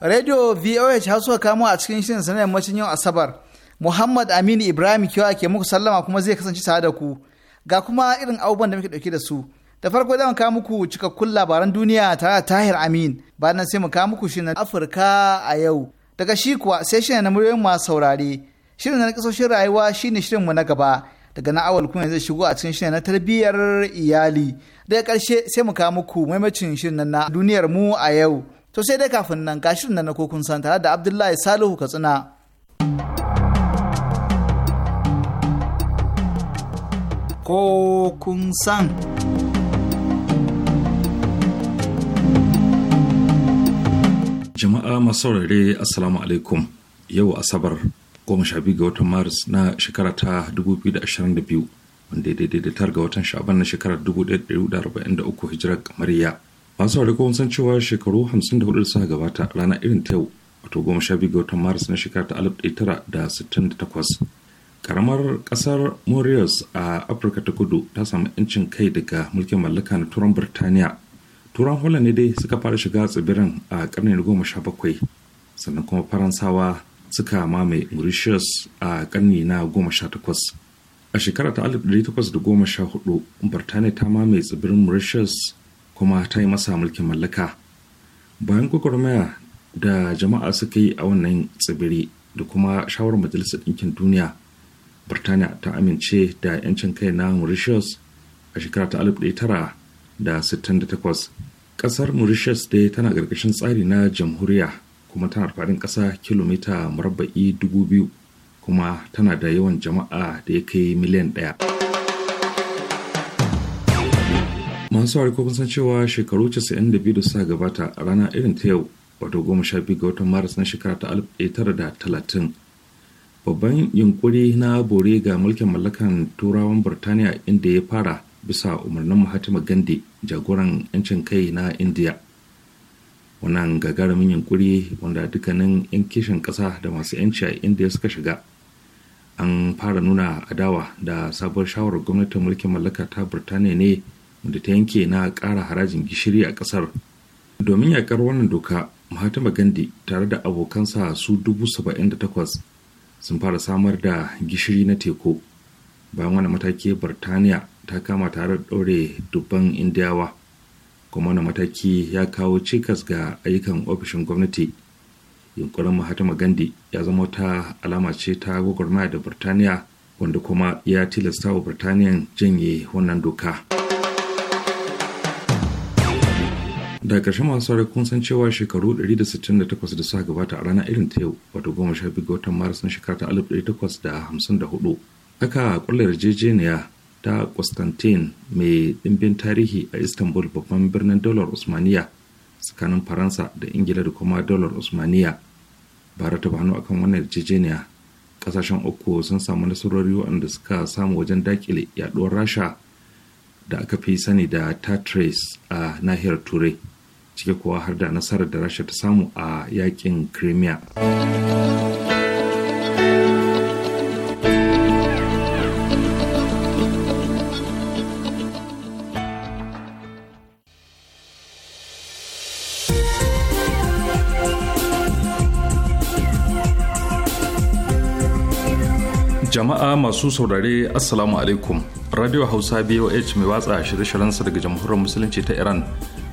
Radio VOH har suka kamo a cikin shirin sanar yammacin yau Asabar. Muhammad Aminu Ibrahim Kiyawa ke muku sallama kuma zai kasance tare da ku. Ga kuma irin abubuwan da muke dauke da su. Da farko da kawo muku cikakkun labaran duniya tare da Tahir Amin. Bayan nan sai mu kawo muku shirin Afirka a yau. Daga shi kuwa sai shirin na muryoyin masu saurare. Shirin na kasoshin rayuwa ne shirin mu na gaba. Daga na awal kuma zai shigo a cikin shirin na tarbiyyar iyali. Daga karshe sai mu kawo muku maimacin shirin na duniyar mu a yau. To sai dai kafin nan ga shirin na kokun san tare da Abdullahi Salihu Katsina. Kokun san. Jama'a masu saurare Assalamu alaikum yau Asabar goma sha biyu ga watan Maris na shekara ta 2022 wanda daidai da tar ga watan Sha'aban na shekarar 1443 hijirar ya. masu saurari kuma san cewa shekaru 54 da suka gabata rana irin ta yau wato goma sha biyu ga watan maris na shekara ta 1968 karamar ƙasar mauritius a afirka ta kudu ta samu 'yancin kai daga mulkin mallaka na turan birtaniya turan holland ne dai suka fara shiga tsibirin a karni na goma sha bakwai sannan kuma faransawa suka mamaye mauritius a karni na goma sha takwas a shekara ta 1814 birtaniya ta mamaye tsibirin mauritius kuma ta yi masa mulkin mallaka bayan gwagwarmaya da jama'a suka yi a wannan tsibiri da kuma shawarar majalisar ɗinkin duniya birtaniya ta amince da 'yancin kai na mauritius a shekara ta 1968 ƙasar mauritius dai tana ƙarƙashin tsari na jamhuriya kuma tana faɗin ƙasa kilomita murabba'i 2000 kuma tana da yawan jama'a da ya kai miliyan ɗaya. masu saurari ko kun san cewa shekaru 92 da suka gabata a rana irin ta yau wato goma sha biyu ga watan maris na shekara ta 1930 babban yunkuri na bore ga mulkin mallakan turawan burtaniya inda ya fara bisa umarnin mahatima gandhi jagoran 'yancin kai na india wannan gagarumin yunkuri wanda dukkanin 'yan kishin ƙasa da masu 'yanci a india suka shiga an fara nuna adawa da sabuwar shawarar gwamnatin mulkin mallaka ta burtaniya ne da ta yanke na kara harajin gishiri a ƙasar domin yakar wannan doka mahatma gandhi tare da abokansa su dubu saba'in da takwas sun fara samar da gishiri na teku bayan wani mataki birtaniya ta kama tare da ɗaure dubban indiyawa kuma wani mataki ya kawo cikas ga ayyukan ofishin gwamnati yunkurin mahatma gandhi ya zama ta alama ce ta gwagwarmaya da birtaniya wanda kuma ya tilasta wa birtaniyan janye wannan doka. da ƙarshen masu sauri kun san cewa shekaru 168 da suka gabata a ranar irin ta yau wato goma sha biyu ga watan maris na shekara ta 1854 aka kulle yarjejeniya ta constantine mai ɗimbin tarihi a istanbul babban birnin dollar usmaniya tsakanin faransa da ingila da kuma dollar usmaniya ba ta hannu akan wannan yarjejeniya kasashen uku sun samu nasarori waɗanda suka samu wajen dakile yaɗuwar rasha da aka fi sani da tatris a nahiyar turai ciki kuwa har da nasarar da rasha ta samu a yakin crimea jama'a masu saurare assalamu alaikum radio hausa boh mai watsa shirye-shiryensa daga jamhuriyar musulunci ta iran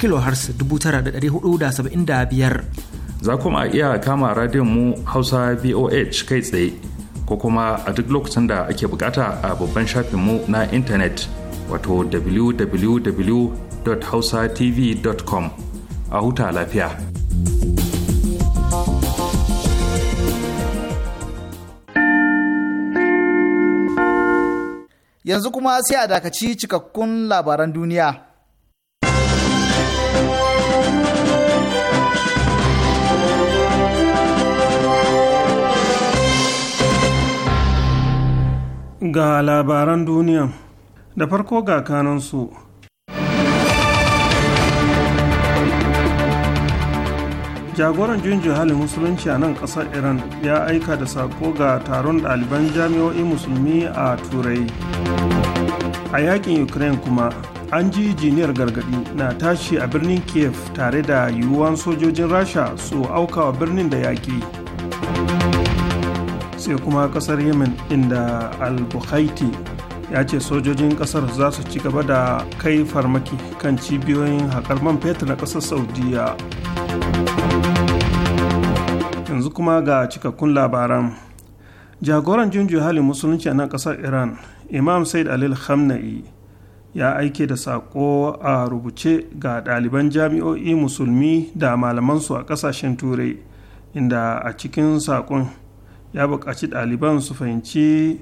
kilohertz biyar. za kuma iya kama radiyon mu hausa boh kai tsaye ko kuma a duk lokacin da ake bukata a babban mu na intanet wato www.hausatv.com a huta lafiya. Yanzu kuma sai a dakaci cikakkun labaran duniya. ga labaran duniya da farko ga kanansu jagoran junjin halin musulunci a nan kasar iran ya aika da sako ga taron ɗaliban jami'o'i musulmi a turai a yakin ukraine kuma an ji jiniyar gargadi na tashi a birnin kiev tare da yiwuwan sojojin rasha su auka wa birnin da yaƙi sai kuma kasar yemen inda al-bukhaiti ya ce sojojin kasar za su ci gaba da kai farmaki kan cibiyoyin haƙar man fetur na ƙasar saudiya yanzu kuma ga cikakkun labaran jagoran junju halin musulunci a nan ƙasar iran imam said alil khamna'i ya aike da saƙo a rubuce ga ɗaliban jami'o'i musulmi da malamansu a ƙasashen turai inda a cikin saƙon ya buƙaci ɗaliban su fahimci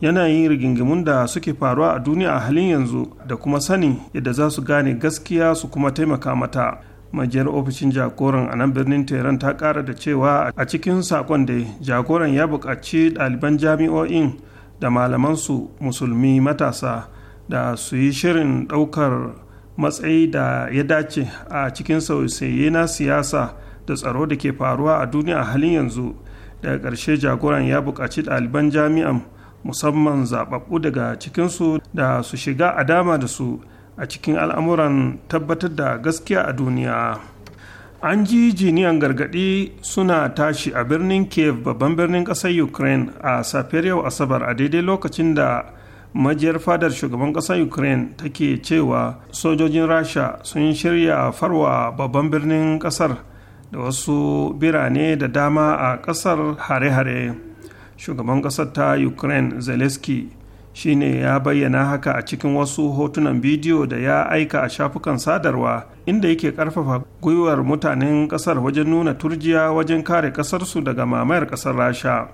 yanayin rigingimun da suke faruwa a duniya a halin yanzu da kuma sani yadda za su gane gaskiya su kuma taimaka mata majiyar ofishin jagoran a nan birnin tehran ta kara da cewa a cikin saƙon da jagoran ya buƙaci ɗaliban jami'o'in da malamansu musulmi matasa da su yi shirin ɗaukar matsayi da ya dace a cikin sauye na siyasa da tsaro da ke faruwa a duniya a halin yanzu daga ƙarshe jagoran ya buƙaci ɗaliban jami'an musamman zaɓaɓɓu daga cikinsu da su shiga a dama da su a cikin al'amuran tabbatar da gaskiya a duniya an ji jiniyan gargaɗi suna tashi a birnin kiev babban birnin ƙasar ukraine a safiyar yau asabar a daidai lokacin da majiyar fadar shugaban ƙasar ukraine take cewa sojojin rasha sun shirya farwa babban birnin ƙasar da wasu birane da dama a ƙasar hare-hare shugaban ƙasar ta ukraine zelensky shine ya bayyana haka a cikin wasu hotunan bidiyo da ya aika a shafukan sadarwa inda yake karfafa gwiwar mutanen kasar wajen nuna turjiya wajen kare kasarsu daga mamayar kasar rasha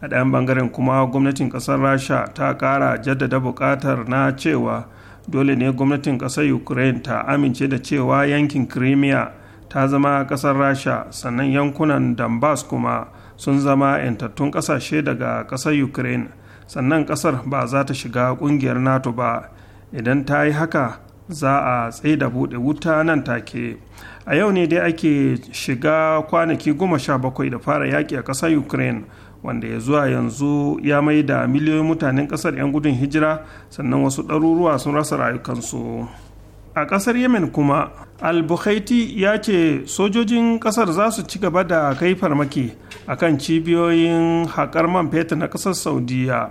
a ɗayan bangaren kuma gwamnatin kasar rasha ta ƙara jaddada buƙatar na cewa dole ne gwamnatin ƙasar ukraine ta amince da cewa yankin crimea ta zama ƙasar rasha sannan yankunan donbass kuma sun zama 'yantattun ƙasashe daga ƙasar ukraine sannan ƙasar ba za ta shiga ƙungiyar nato ba idan ta yi haka za a tsaye da buɗe wuta nan take a yau ne dai ake shiga kwanaki goma sha bakwai da fara yaƙi a ƙasar ukraine wanda ya zuwa yanzu ya mai da miliyoyin mutanen ƙasar 'yan gudun hijira sannan wasu ɗaruruwa sun rasa rayukansu a ƙasar yemen kuma al-bukhaiti ya ce sojojin kasar za su ci gaba da kai farmaki a kan cibiyoyin haƙar man fetur na ƙasar saudiya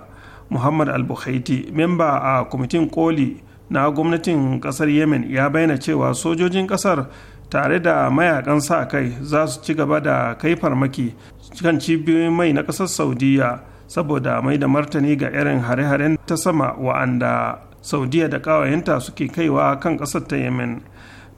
muhammad al-bukhaiti memba a kwamitin koli na gwamnatin ƙasar yemen ya bayyana cewa sojojin ƙasar tare da mayakan sa kai za su ci gaba da kai farmaki kan cibiyoyin mai na ƙasar saudiya saboda mai da martani ga irin hare-haren ta sama wa'anda saudiya da ƙawayenta suke kaiwa kan ƙasar ta yemen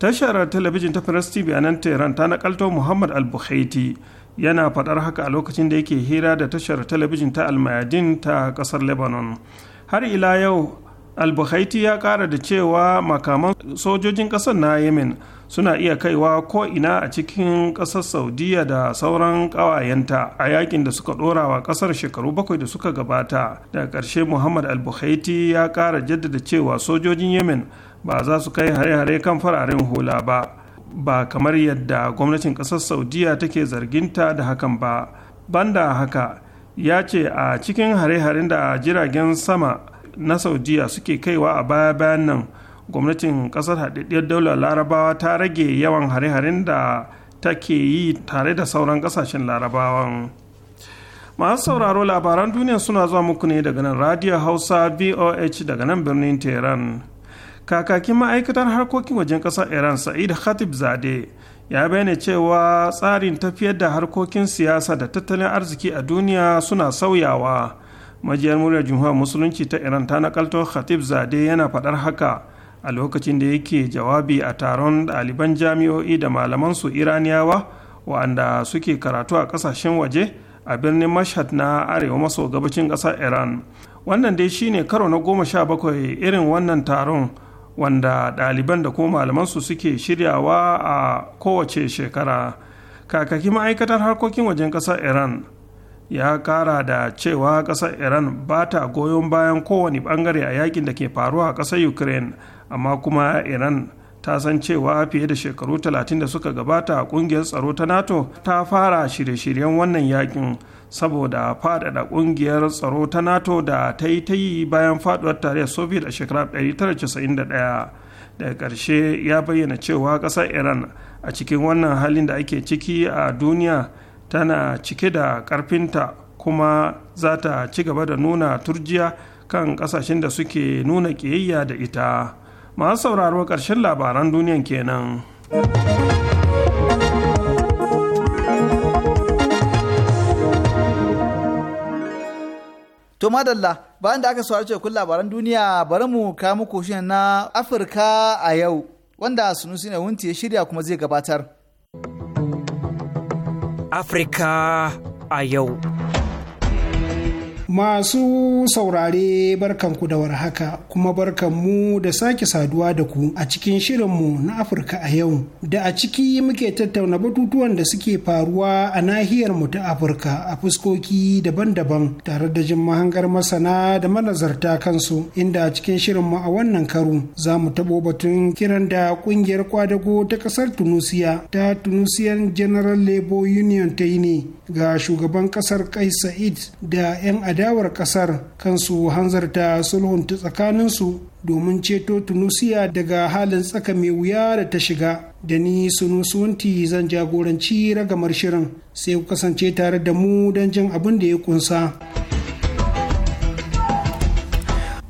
tashar talabijin ta firas tv a nan tehran ta nakalto muhammad al-bukhaiti yana faɗar haka a lokacin da yake hira da tashar talabijin ta almayadin ta kasar lebanon har ila yau al-bukhaiti ya kara da cewa makaman sojojin kasar na yemen suna iya kaiwa ko ina a cikin kasar saudiya da sauran ƙawayenta a yakin da suka ɗora wa ƙasar shekaru bakwai da suka gabata daga karshe muhammad al-bukhaiti ya kara jaddada cewa sojojin yemen ba za su kai hare-hare kan fararen hula ba ba kamar yadda gwamnatin ƙasar saudiya take zarginta da hakan ba banda haka ya ce a cikin hare-haren da jiragen sama na saudiya suke kaiwa a baya-bayan nan gwamnatin ƙasar haɗaɗɗiyar daular larabawa ta rage yawan hare-haren da take yi tare da sauran ƙasashen larabawan masu sauraro labaran duniya suna zuwa muku ne daga nan radio hausa voh daga nan birnin tehran kakakin ma'aikatar harkokin wajen ƙasar iran sa'id khatib zade ya bayyana cewa tsarin tafiyar da harkokin siyasa da tattalin arziki a duniya suna sauyawa majiyar muryar jamhuriyar musulunci ta iran ta nakalto khatib zade yana faɗar haka a lokacin da yake jawabi a taron ɗaliban jami'o'i da malaman su iraniyawa wa'anda suke karatu a ƙasashen waje a birnin mashhad na arewa maso gabacin ƙasar iran wannan dai shine karo na goma sha bakwai irin wannan taron wanda ɗaliban da malaman malamansu suke shiryawa a kowace shekara kakaki ma'aikatar harkokin wajen ƙasar iran ya kara da cewa ƙasar iran ba ta goyon bayan kowane ɓangare a yakin da ke faruwa a ƙasar ukraine amma kuma iran ta san cewa fiye da shekaru 30 da suka gabata a ƙungiyar tsaro ta nato ta fara shirye-shiryen wannan yakin saboda faɗaɗa ƙungiyar tsaro ta nato da ta yi ta yi bayan faɗuwar tarayyar soviet a shekarar 1991 daga ƙarshe ya bayyana cewa ƙasar iran a cikin wannan halin da ake ciki a duniya tana cike da ƙarfinta kuma za ta ci gaba da nuna turjiya kan ƙasashen da suke nuna ƙiyayya da ita masu sauraro ƙarshen labaran duniyan kenan. To madalla bayan da aka saurari cikakkun labaran duniya bari mu kawo muku shi na Afirka a yau wanda Sunusi ne wunti ya shirya kuma zai gabatar. Afirka a yau. Masu saurare barkan ku da warhaka kuma barkanmu da sake saduwa da ku a cikin shirinmu na Afirka a yau da a ciki muke tattauna batutuwan da suke faruwa a nahiyar mu ta Afirka a fuskoki daban-daban tare da jin mahangar masana da manazarta kansu inda a cikin shirinmu a wannan karu za mu tabo batun kiran da kungiyar kwadago ta kasar Tunusiya ta Tunusian General Labour Union ta yi ne ga shugaban kasar Kais Sa'id da 'yan adawa adawar kasar kansu hanzarta sulhunta tsakaninsu domin ceto tunusiya daga halin tsaka mai wuya da ta shiga da ni sunusunti zan jagoranci ragamar shirin sai ku kasance tare da mu don jin abin da ya kunsa.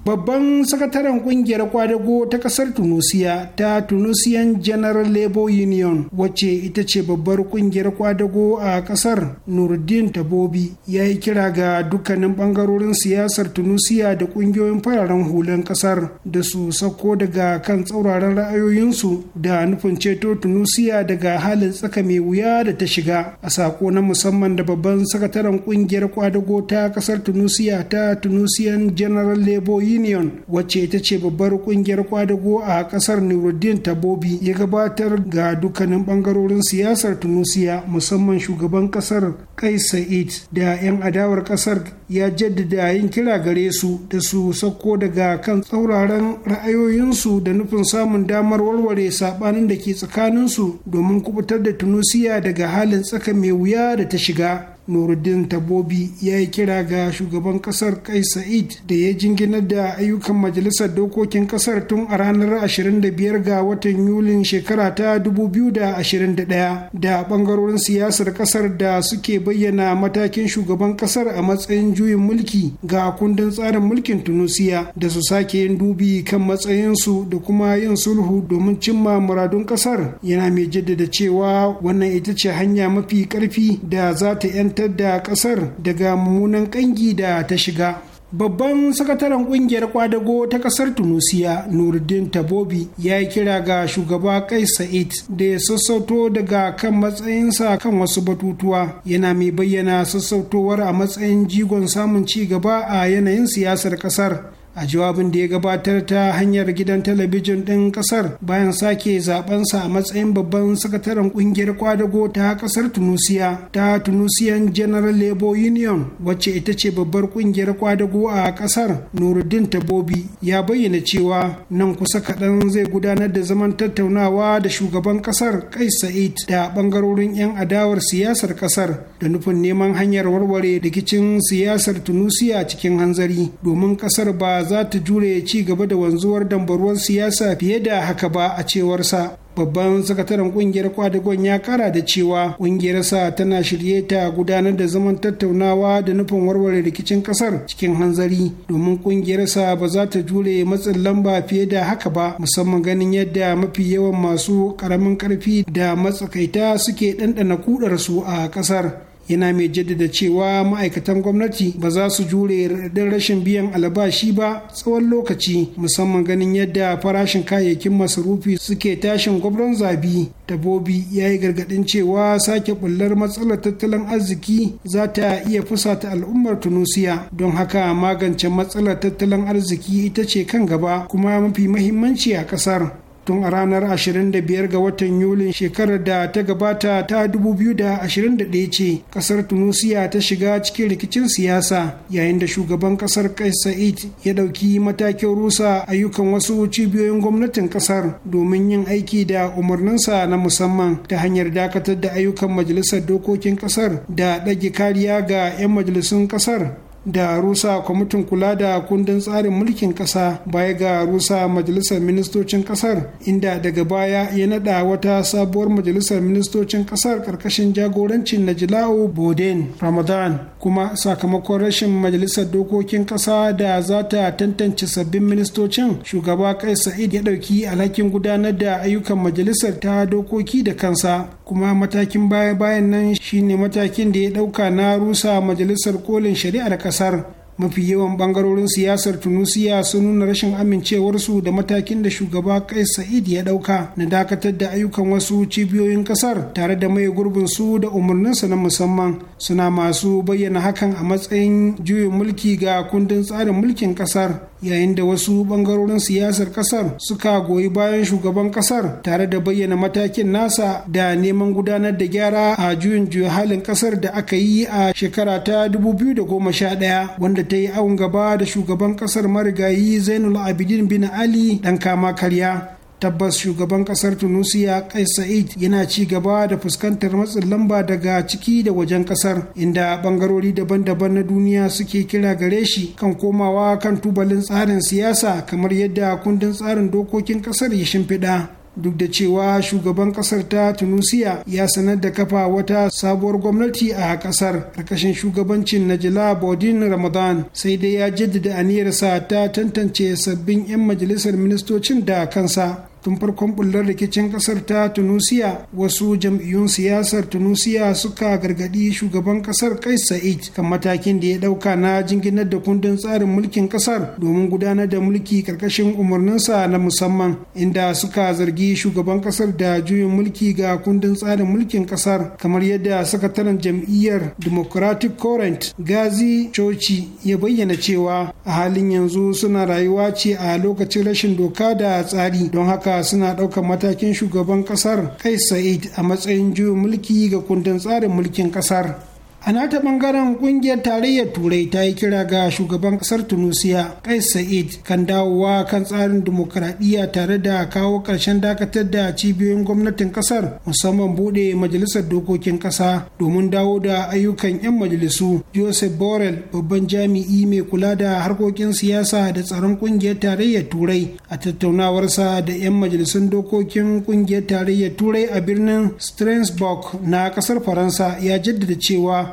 babban sakataren kungiyar kwadago ta kasar tunisia ta tunisian general labor union wacce ita ce babbar kungiyar kwadago a kasar nurdin tabobi ya yi kira ga dukkanin bangarorin siyasar tunisia da kungiyoyin fararen hulan kasar da su sako daga kan tsauraran ra'ayoyinsu da nufin ceto tunisia daga halin tsaka mai wuya da ta shiga a sako na musamman da babban sakataren kungiyar kwadago ta kasar tunisia ta tunisian general labor union wacce ita ce babbar kungiyar kwadago a kasar nuruddin tabobi ya gabatar ga dukkanin bangarorin siyasar tunisia musamman shugaban kasar Kais sa'id da 'yan adawar kasar ya jaddada yin kira gare su da su sauko daga kan tsauraran ra'ayoyinsu da nufin samun damar warware sabanin da ke tsakaninsu domin kubutar da tunisia daga halin tsaka mai wuya da ta shiga nuruddin tabobi ya yi kira ga shugaban kasar kai sa'id da ya jinginar da ayyukan majalisar dokokin kasar tun a ranar 25 ga watan yulin shekara ta 2021 da bangarorin siyasar kasar da suke bayyana matakin shugaban kasar a matsayin juyin mulki ga kundin tsarin mulkin tunusiya da su sake yin dubi kan matsayinsu da kuma yin sulhu domin cimma muradun kasar yana mai jaddada cewa wannan ita ce hanya mafi karfi da za ta 'yanta fitar da kasar daga mummunan kangi da ta shiga babban sakataren kungiyar kwadago ta kasar tunisia nurdin tabobi ya yi kira ga shugaba kai sa'id da ya sassauto daga kan matsayinsa kan wasu batutuwa yana mai bayyana sassautowar a matsayin jigon samun ci gaba a yanayin siyasar kasar a jawabin da ya gabatar ta hanyar gidan talabijin ɗin ƙasar bayan sake zabensa a matsayin babban sakataren ƙungiyar kwadago ta ƙasar tunusiya ta tunusiyan general labor union wacce ita ce babbar ƙungiyar kwadago a ƙasar nuruddin tabobi ya bayyana cewa nan kusa kaɗan zai gudanar da zaman tattaunawa da shugaban ƙasar kai sa'id da ɓangarorin 'yan adawar siyasar ƙasar da nufin neman hanyar warware rikicin siyasar tunusiya cikin hanzari domin ƙasar ba za ta jure ya ci gaba da wanzuwar dambaruwar siyasa fiye da haka ba a cewarsa babban sakataren kungiyar kwadagon ya kara da cewa kungiyarsa tana shirye ta gudanar da zaman tattaunawa da nufin warware rikicin kasar cikin hanzari domin kungiyarsa ba za ta jure matsin lamba fiye da haka ba musamman ganin yadda mafi yawan masu karamin karfi da matsakaita suke ɗanɗana kudarsu a kasar yana mai jaddada cewa ma'aikatan gwamnati ba za su jure raɗaɗin rashin biyan albashi ba tsawon lokaci musamman ganin yadda farashin kayayyakin masarufi suke tashin gwamnan zabi dabbobi. ya yi gargaɗin cewa sake bullar matsalar tattalin arziki za ta iya fusata al'ummar tunusiya don haka magance matsalar tattalin arziki ita ce kan gaba kuma mafi mahimmanci a ƙasar tun a ranar 25 ga watan yulin shekarar da ta gabata ta 2021 ce kasar tunisia ta shiga cikin rikicin siyasa yayin da shugaban kasar kais sa'id ya ɗauki matakin rusa ayyukan wasu cibiyoyin gwamnatin kasar domin yin aiki da umarninsa na musamman ta hanyar dakatar da ayyukan majalisar dokokin kasar da ɗage kariya ga 'yan majalisun kasar da rusa kwamitin kula da kundin tsarin mulkin kasa baya ga rusa majalisar ministocin kasar. inda daga baya ya nada wata sabuwar majalisar ministocin ƙasar ƙarƙashin jagorancin najila'u boden ramadan kuma sakamakon rashin majalisar dokokin ƙasa da za ta tantance sabbin ministocin shugaba kai sa'id ya ɗauki alhakin gudanar da ayyukan majalisar ta dokoki da kansa kuma matakin baya-bayan nan shine matakin da ya ɗauka na rusa majalisar kolin shari'ar ƙasar mafi yawan bangarorin siyasar tunisia sun nuna rashin amincewarsu da matakin da shugaba kai sa'id ya dauka na dakatar da ayyukan wasu cibiyoyin kasar tare da mai gurbin su da umarninsa na musamman suna masu bayyana hakan a matsayin juyin mulki ga kundin tsarin mulkin kasar yayin da wasu bangarorin siyasar kasar suka goyi bayan shugaban kasar tare da bayyana matakin nasa da neman gudanar da gyara a juyin juya halin kasar da aka yi a shekara ta 2011 wanda da ta yi awon gaba da shugaban kasar marigayi zainul abidin bin ali dan kama karya tabbas shugaban kasar tunisia kai sa'id yana ci gaba da fuskantar matsin lamba daga ciki da wajen kasar inda bangarori daban-daban na duniya suke kira gare shi kan komawa kan tubalin tsarin siyasa kamar yadda kundin tsarin dokokin kasar ya shimfiɗa duk da cewa shugaban kasar ta tunisia ya sanar da kafa wata sabuwar gwamnati a kasar karkashin shugabancin najila bodin ramadan sai dai ya jaddada aniyarsa ta tantance sabbin 'yan majalisar ministocin da kansa tun farkon bullar rikicin kasar ta tunisia wasu jam'iyyun siyasar tunisia suka gargadi shugaban kasar kais sa'id kan matakin da ya dauka na jinginar da kundin tsarin mulkin kasar domin gudanar da mulki karkashin umarninsa na musamman inda suka zargi shugaban kasar da juyin mulki ga kundin tsarin mulkin kasar kamar yadda sakataren jam'iyyar democratic current gazi coci ya bayyana cewa a halin yanzu suna rayuwa ce a lokacin rashin doka da tsari don haka haka suna ɗaukar matakin shugaban ƙasar kai sa'id a matsayin juyin mulki ga kundin tsarin mulkin ƙasar a nata bangaren kungiyar tarayyar turai ta yi kira ga shugaban kasar tunisia kais sa'id kan dawowa kan tsarin dimokuraɗiyya tare da kawo ƙarshen dakatar da cibiyoyin gwamnatin kasar musamman buɗe majalisar dokokin ƙasa domin dawo da ayyukan 'yan majalisu joseph borrell babban jami'i mai kula da harkokin siyasa da tsaron kungiyar tarayyar turai a tattaunawarsa da 'yan majalisun dokokin kungiyar tarayyar turai a birnin strasbourg na kasar faransa ya jaddada cewa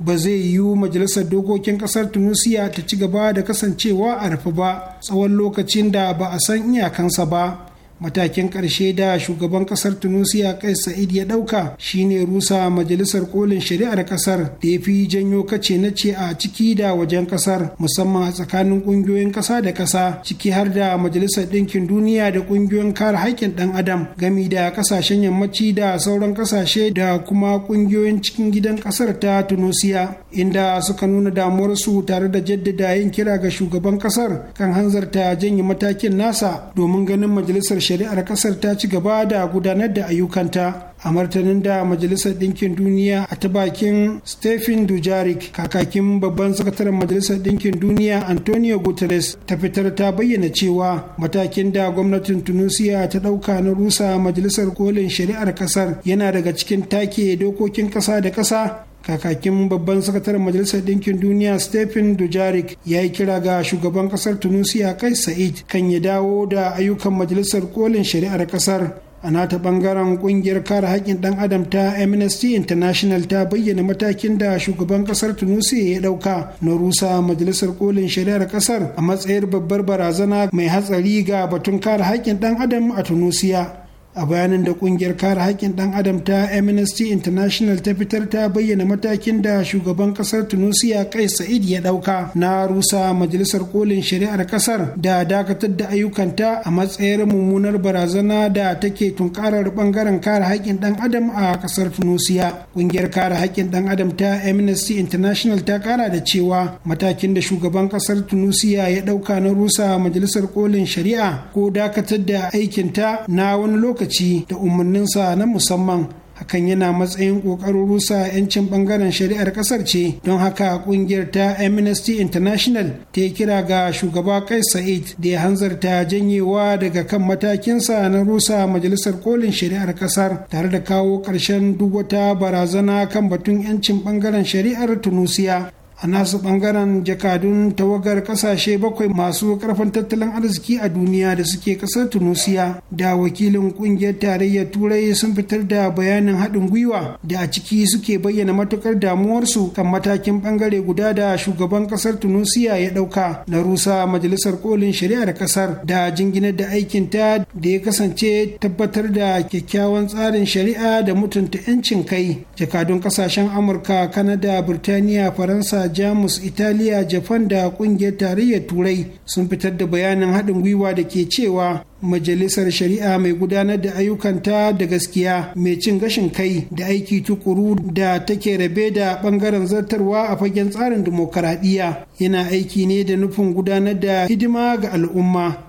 ba zai yiwu majalisar dokokin kasar tunisia ta ci gaba da kasancewa a rufe ba tsawon lokacin da ba a san iyakansa ba matakin ƙarshe da shugaban ƙasar tunisia kai sa'id ya ɗauka shine rusa majalisar kolin shari'ar ƙasar da ya fi janyo kace na ce a ciki da wajen ƙasar musamman a tsakanin ƙungiyoyin ƙasa da ƙasa ciki har da majalisar ɗinkin duniya da ƙungiyoyin kare haƙƙin ɗan adam gami da ƙasashen yammaci da sauran ƙasashe da kuma ƙungiyoyin cikin gidan ƙasar ta tunisia inda suka nuna damuwarsu tare da jaddada yin kira ga shugaban ƙasar kan hanzarta janye matakin nasa domin ganin majalisar shari'ar kasar ta ci gaba da gudanar da ayyukanta a martanin da majalisar ɗinkin duniya a ta bakin stephen dujarik kakakin babban sakataren majalisar ɗinkin duniya antonio guterres ta fitar ta bayyana cewa matakin da gwamnatin tunisia ta ɗauka na rusa majalisar kolin shari'ar kasar yana daga cikin take dokokin ƙasa da ƙasa kakakin babban sakataren majalisar ɗinkin duniya stephen dujarik ya yi kira ga shugaban ƙasar tunisia kai sa'id kan ya dawo da ayyukan majalisar kolin shari'ar ƙasar a nata ɓangaren ƙungiyar kare haƙƙin ɗan adam ta amnesty international ta bayyana matakin da shugaban ƙasar tunisia ya ɗauka na rusa majalisar kolin shari'ar ƙasar a matsayin babbar barazana mai hatsari ga batun kare haƙƙin ɗan adam a tunisia a bayanin da kungiyar kare haƙƙin ɗan adam ta amnesty international ta fitar ta bayyana matakin da shugaban ƙasar tunisia kai sa'id ya ɗauka na rusa majalisar kolin shari'ar ƙasar da dakatar da ayyukanta a matsayar mummunar barazana da take tunkarar ɓangaren kare haƙƙin ɗan adam a ƙasar tunisia kungiyar kare haƙƙin ɗan adam ta amnesty international ta ƙara da cewa matakin da shugaban ƙasar tunisia ya ɗauka na rusa majalisar kolin shari'a ko dakatar da aikinta na wani lokaci lokaci da umarninsa na musamman hakan yana matsayin ƙoƙarin rusa 'yancin ɓangaren shari'ar ƙasar ce don haka ƙungiyar ta amnesty international ta yi kira ga shugaba kai sa'id da ya hanzarta janyewa daga kan matakinsa na rusa majalisar kolin shari'ar ƙasar tare da kawo ƙarshen duk wata barazana kan batun 'yancin ɓangaren shari'ar tunusiya a nasu bangaren jakadun tawagar kasashe bakwai masu karfin tattalin arziki a duniya da suke kasar Tunisia da wakilin kungiyar tarayyar turai sun fitar da bayanin haɗin gwiwa da a ciki suke bayyana matukar damuwarsu kan matakin bangare guda da shugaban kasar Tunisia ya ɗauka na rusa majalisar kolin shari'ar kasar da jinginar da aikin ta da ya kasance tabbatar da kyakkyawan tsarin shari'a da mutunta 'yancin kai jakadun kasashen amurka kanada birtaniya faransa a jamus italiya japan da kungiyar tarayyar turai sun fitar da bayanin haɗin gwiwa da ke cewa majalisar shari'a mai gudanar da ayyukanta da gaskiya mai cin gashin kai da aiki tukuru da take rabe da ɓangaren zartarwa a fagen tsarin dimokuraɗiyya yana aiki ne da nufin gudanar da hidima ga al'umma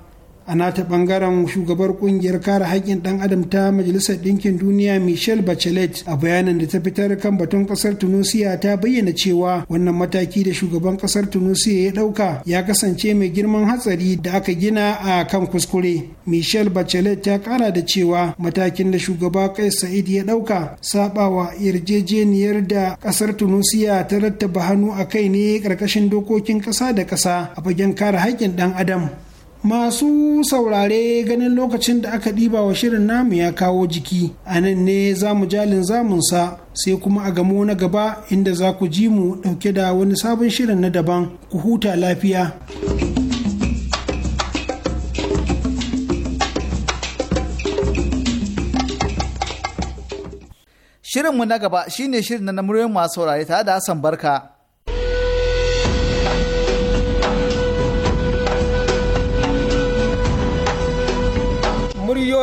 a nata bangaren shugabar kungiyar kare haƙƙin ɗan adam ta majalisar ɗinkin duniya michelle bachelet a bayanin da ta fitar kan batun ƙasar tunisia ta bayyana cewa wannan mataki da shugaban ƙasar tunisia ya ɗauka ya kasance mai girman hatsari da aka gina a kan kuskure michelle bachelet ta ƙara da cewa matakin da shugaba kai sa'id ya ɗauka saɓawa yarjejeniyar da ƙasar tunisia ta rattaba hannu a kai ne ƙarƙashin dokokin ƙasa da ƙasa a fagen kare haƙƙin ɗan adam Masu saurare ganin lokacin da aka ɗiba wa shirin namu ya kawo jiki, a nan ne za mu jalin zamunsa sai kuma a gamo na gaba inda za ku ji mu ɗauke da wani sabon shirin na daban ku huta lafiya. Shirinmu na gaba shi ne shirin na namurin masu saurare tare da Hassan Barka.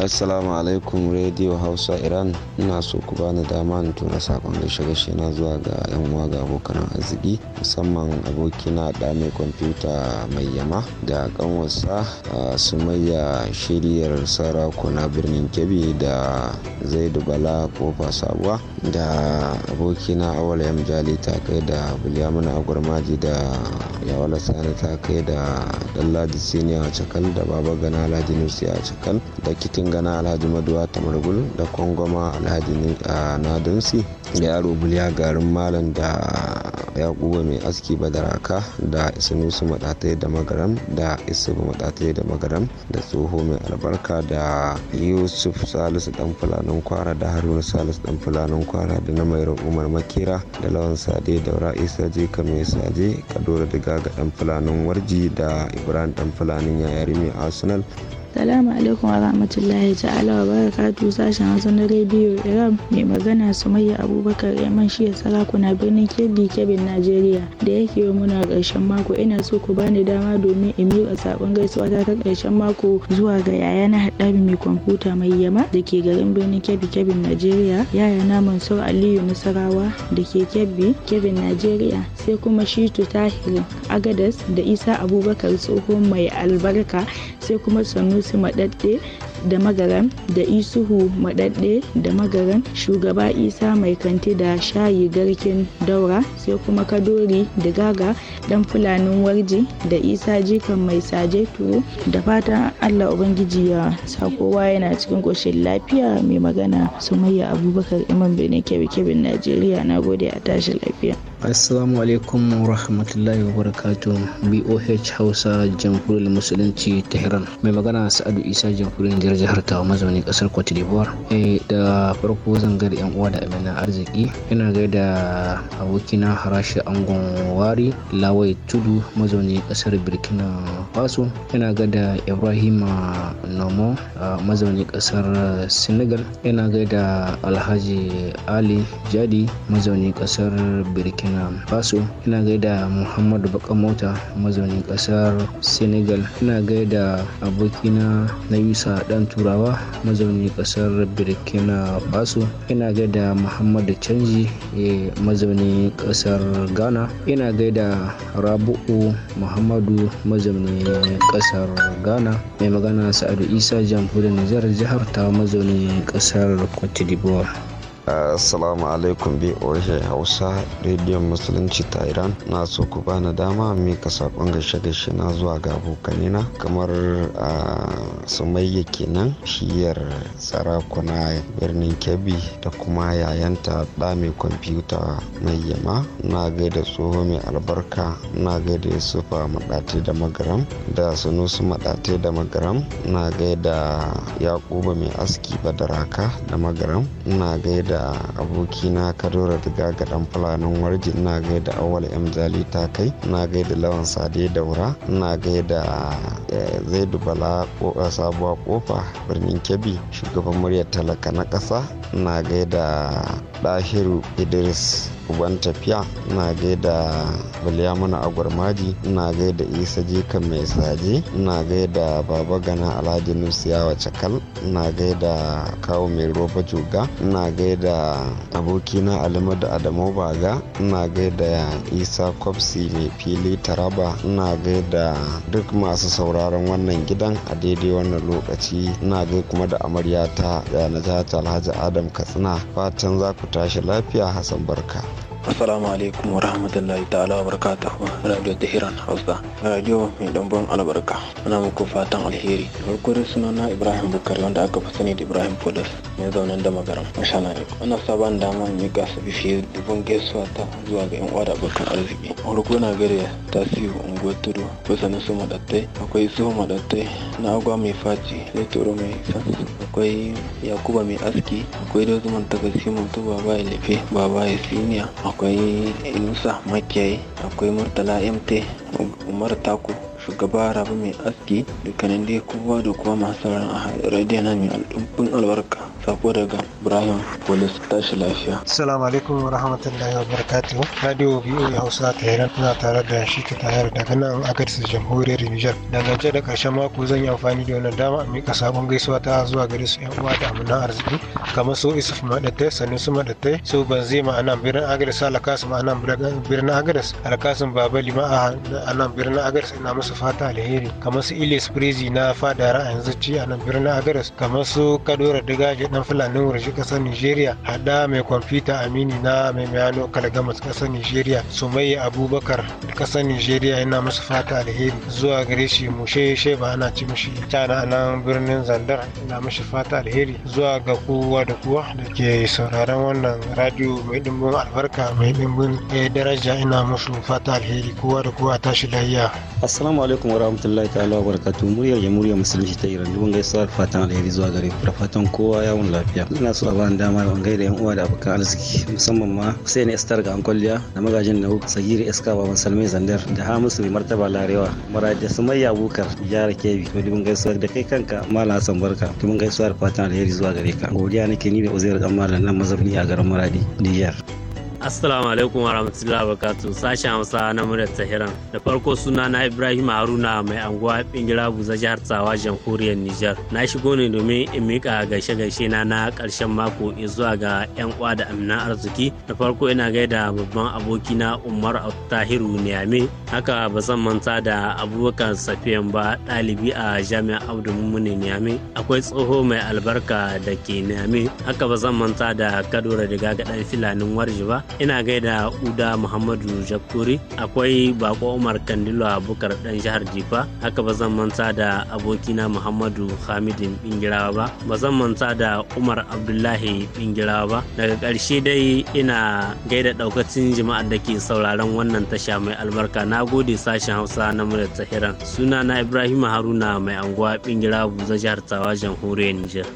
assalamu alaikum radio hausa iran ina so ku bani dama in tura sakon gaishe gaishe na zuwa ga yan uwa ga abokan arziki musamman abokina da mai kwamfuta mai yama da kanwarsa sumayya shiriyar na birnin kebbi da zaidu bala kofa sabuwa da abokina awal jali ta kai da bulyamuna agwarmaji da yawala sani ta kai da dalladi siniya a cakal da baba gana ladi nursi a cakal da kitin dangana alhaji maduwa tamargul da kwangwama alhaji nadunsi da yaro buliya garin malam da ya kuwa mai aski badaraka da isinusu matatai da magaram da isubu matatai da magaram da tsoho mai albarka da yusuf salisu dan fulanin kwara da haruna salisu dan fulanin kwara da na mai umar makera da lawan sade da ra'isa ka mai sade kadora diga ga dan fulanin warji da ibrahim dan fulanin yayari mai arsenal Salamu alaikum wa rahmatullahi ta'ala wa barakatu sashen Hausa na rediyo Iran mai magana Sumayya Abubakar Yaman shi ya sarakuna birnin Kebbi Kebbin Najeriya da yake yi muna ƙarshen mako ina so ku bani dama domin in miƙa saƙon gaisuwa ta ta ƙarshen mako zuwa ga yaya na haɗari mai kwamfuta mai yama da ke garin birnin Kebbi Kebbin Najeriya yaya na Mansur Aliyu Nasarawa da ke Kebbi Kebbin Najeriya sai kuma Shitu Tahir Agadas da Isa Abubakar tsohon mai albarka sai kuma Sanu sanusi maɗaɗɗe da magaran da isuhu maɗaɗɗe da magaran shugaba isa mai kanti da shayi garkin daura sai kuma kadori da gaga dan fulanin warji da isa jikan mai saje tuwo da fatan allah ubangiji ya sa kowa yana cikin ƙoshin lafiya mai magana sumayya abubakar imam birnin kebe kebin najeriya na gode a tashi lafiya assalamu alaikum wa rahmatullahi wa barakatu boh hausa jamhuriyar musulunci tehran mai magana sa'adu isa jamhuriyar jihar jihar tawa mazaunin kasar cote d'ivoire eh, da farko zan gaida yan uwa da amina arziki ina gaida abokina harashi angon wari lawai tudu mazaunin kasar burkina faso ina gaida Ibrahim nomo mazaunin kasar senegal ina gaida alhaji ali jadi mazaunin kasar burkina burkina faso ina gaida muhammadu bakan mota mazaunin kasar senegal ina gaida abokina na yusa dan turawa mazaunin kasar burkina faso ina gaida muhammadu canji e, mazaunin ƙasar ghana ina gaida rabu'u muhammadu mazaunin kasar ghana mai magana sa'adu isa jamhuriyar nijar jihar ta mazaunin ƙasar cote d'ivoire assalamu alaikum bi ohe hausa rediyon musulunci ta iran na so ku bani dama ka sakon gashe gashe na zuwa ga abokanina kamar a sumayya kenan shiyar sarakuna birnin kebbi da kuma yayanta da mai kwamfuta mai yama na gaida tsoho mai albarka na gaida yusufa madate da magaram da sunusu maɗate da magaram na gaida yakuba mai aski badaraka da magaram na gaida da abokina kadora diga ga dan fulanin warji ina gaida awal m zali ta kai ina gaida lawan sade daura ina gaida eh, zaidu bala eh, sabuwa kofa birnin kebbi shugaban muryar talaka na kasa ina gaida ɗahiru idris uban tafiya na gaida a agwarmaji ina gaida isa jika mai saje na gaida baba gana alhaji nusiyawa cakal na gaida kawo mai roba juga ina gaida abokina alimadu adamu baga na gaida isa kwafsi mai fili taraba na gaida duk masu sauraron wannan gidan a daidai wannan lokaci na gai kuma da amaryata da na alhaji adam katsina fatan za ku tashi lafiya hasan barka assalamu alaikum warahmatullahi ta'ala wa barakatuhu radio tehran hausa radio mai dambon albarka ana muku fatan alheri farko da na ibrahim bukari wanda aka fi sani da ibrahim polis mai zaunen da magaram masha Allah ana saban dama mai gasa bifi dubun gaisuwa ta zuwa ga yan uwa da abokan arziki farko na gare tasiru unguwar tudu kusa na su madattai akwai su madattai na agwa mai faci letoro mai sansu akwai yakuba mai aski akwai da dozuman tagasi mutu baba ya lefe baba ya siniya akwai inusa makiyayi akwai murtala mt umar taku shugaba rabu mai aski dukkanin dai kowa da kuma masu sauran a radiyo na mai albarka sako daga Ibrahim Polis tashi lafiya. salamu alaikum wa rahmatullahi wa barakatuhu. Radio ya Hausa ta hirar tana tare da shi ta tayar daga nan Agadis Jamhuriyar Nijar. Dangance da ƙarshen mako zan yi amfani da wannan dama a mika sabon gaisuwa ta zuwa gare su yan uwa da amina arziki kamar su Isuf Madatai, su Madatai, su Banzema a nan birnin Agadis, Alakasim a nan birnin Agadis, Alakasim Baba Lima a nan birnin Agadis ina musu fata alheri kamar su Ilis Prezi na fada ra'ayin zuci a nan birnin Agadis kamar su Kadora Digaji na fulani wurin kasar nigeria hada mai kwamfuta amini na mai mayano kalgamas kasar nigeria Sumaye abubakar kasar nigeria yana musu fata alheri zuwa gare shi mushe ba ana ci mushi tana a nan birnin zandar yana mashi fata alheri zuwa ga kowa da kowa da ke sauraron wannan radio mai dimbin albarka mai dimbin eh, daraja ina musu fata alheri kowa da kowa tashi lafiya assalamu alaikum wa rahmatullahi ta'ala wa barakatuhu muryar jamhuriyar musulunci ta iran dubin gaisuwa fatan alheri zuwa gare ku da fatan kowa ya samun lafiya ina so a bani dama ban gaida yan uwa da abokan arziki musamman ma ne Estar ga Ankwalliya da magajin Nau Sagiri Eska Baban Salmai Zandar da Hamisu mai martaba Larewa su Sumayya Bukar Jihar kebi to dubin gaisuwa da kai kanka mala Hassan Barka dubin gaisuwa da fatan alheri zuwa gare ka godiya nake ni da Uzair da nan mazauni a garin Maradi Niger Assalamu alaikum wa rahmatullahi wa barakatu Sashi Hausa na muryar Tahiran. Da farko suna na Ibrahim Haruna mai anguwa bingira buza jihar Tsawa jamhuriyar Nijar. Na shigo ne domin in mika gaishe gaishe na na karshen mako zuwa ga yan uwa da amina arziki. Da farko ina gaida babban aboki na Umar Tahiru Niyame. Haka ba zan manta da Abubakar Safiyan ba ɗalibi a Jami'ar audu Mummuni Niyame. Akwai tsoho mai albarka da ke Niyame. Haka ba zan manta da Kadura da gagaɗan filanin Warji ba. ina gaida uda muhammadu jakuri akwai bako umar kandilo Bukar dan jihar jifa haka ba zan manta da abokina muhammadu hamidin bingirawa ba ba zan manta da umar abdullahi bingirawa ba daga ƙarshe dai ina gaida ɗaukacin jima'a da ke sauraron wannan tasha mai albarka na gode sashen hausa na murya tahiran suna na ibrahim haruna mai anguwa bingirawa buza jihar tawa jamhuriyar nijar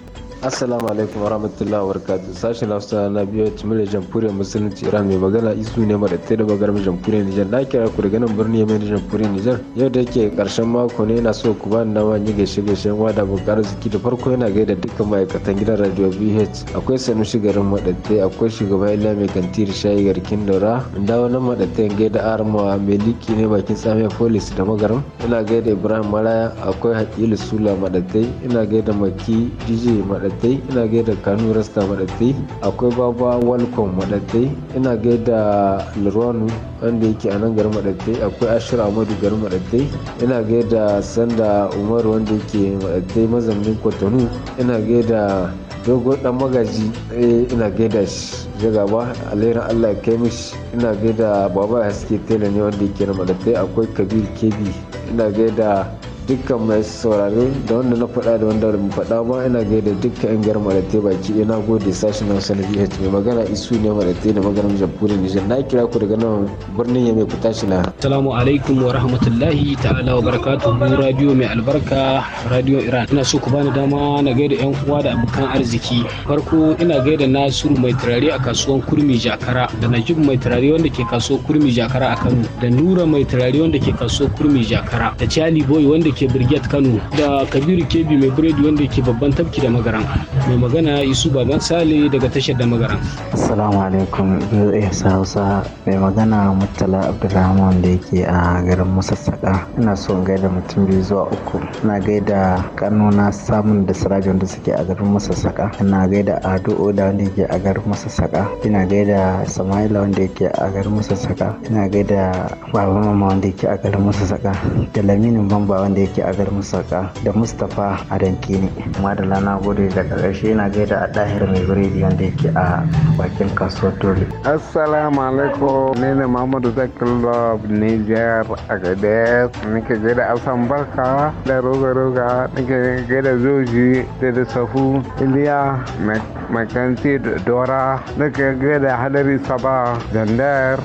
assalamu alaikum warahmatullahi wabarakatuh sashen hausa na biyu cimiliyar jamhuriyar musulunci iran mai magana isu ne mara ta da bagar jamhuriyar nijar na kira ku daga nan birni mai jamhuriyar nijar yau da yake karshen mako ne na so ku bani dama yi gaishe gaishe wa da bukar ziki da farko yana gaida dukkan ma'aikatan gidan radio bh akwai sanu garin madatai akwai shugaban ila mai kantir shayi garkin daura da wani madatai gaida armawa mai liki ne bakin tsamiya folis da magaram ina gaida ibrahim malaya akwai hakilu sula madatai ina gaida maki dj madatai madattai ina gaida kanu rasta madattai akwai baba walcom madattai ina gaida lurwanu wanda yake a nan garin madattai akwai ashir amadu garin maɗatai ina gaida sanda umaru wanda yake madattai mazaunin kwatano ina gaida dogo dan magaji eh, ina gaida shi ya gaba allah ya kai mishi ina gaida baba haske tela ne wanda yake na maɗatai akwai kabir kebi ina gaida dukkan mai saurare da wanda na faɗa da wanda mu faɗa ba ina gaida dukkan yan garin malatai baki ina gode sashen na sanar iya mai magana isu ne malatai da maganar jamhuriyar nijar na kira ku daga nan birnin ya mai kuta shi na. salamu alaikum wa rahmatullahi ta'ala wa barakatuhu radio mai albarka radio iran ina so ku bani dama na da yan uwa da abokan arziki farko ina gaida nasiru mai turare a kasuwan kurmi jakara da najib mai turare wanda ke kasuwar kurmi jakara a kano da nura mai turare wanda ke kasuwar kurmi jakara da charlie boy wanda ke Brigade Kano da Kabiru Kebi mai biredi wanda ke babban tafki da magaran. Mai magana Isu Baban Sale daga tashar da magaran. Assalamu alaikum sa Hausa mai magana Murtala Abdulrahman da yake a garin Musassaka. Ina so in gaida mutum biyu zuwa uku. Ina gaida na samun da sirajin da suke a garin Musassaka. Ina gaida Ado Oda wanda yake a garin Musassaka. Ina gaida Samaila wanda yake a garin Musassaka. Ina gaida Baba Mama wanda yake a garin Musassaka. Da Laminin Bamba wanda yake a garin saka da mustapha adanke ne madala na gode da karshe na gaida a dahir mai biredi wanda yake a bakin kasuwar dole assalamu alaikum ne ne muhammadu zakilov niger a gades nake gaida asan barka da roga roga nake gaida zoji da da iliya makanti dora nake gaida hadari saba zandar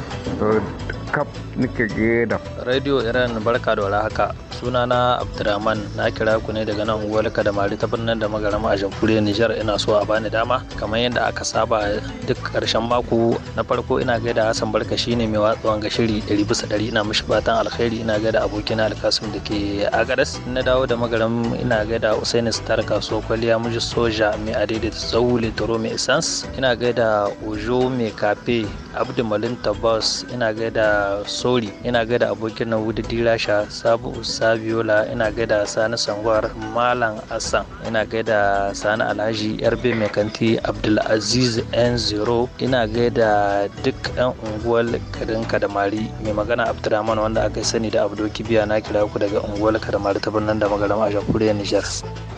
kap nake gaida radio iran barka da haka sunana abdurrahman na kira ku ne daga nan unguwar kadamari ta birnin da magarama a jamhuriyar nijar ina so a bani dama kamar yadda aka saba duk karshen mako na farko ina gaida hassan barka shine mai watsuwan ga shiri ɗari bisa ɗari ina mishi fatan alkhairi ina gaida abokina alkasim da ke agadas na dawo da magaram ina gaida usaini star kasuwar kwaliya miji soja mai adaidaita zaule toro mai essence ina gaida ojo mai kafe abdu malin tabbas ina gaida sori ina gaida abokin na wudu dirasha sabu sabiola ina gaida sani sangwar malam assan ina gaida sani alhaji yarbe mai kanti abdulaziz n zero ina gaida duk yan unguwar garin kadamari mai magana abdurrahman wanda aka sani da abdo kibiya na kira ku daga unguwar kadamari ta birnin da magarama a jamhuriyar nijar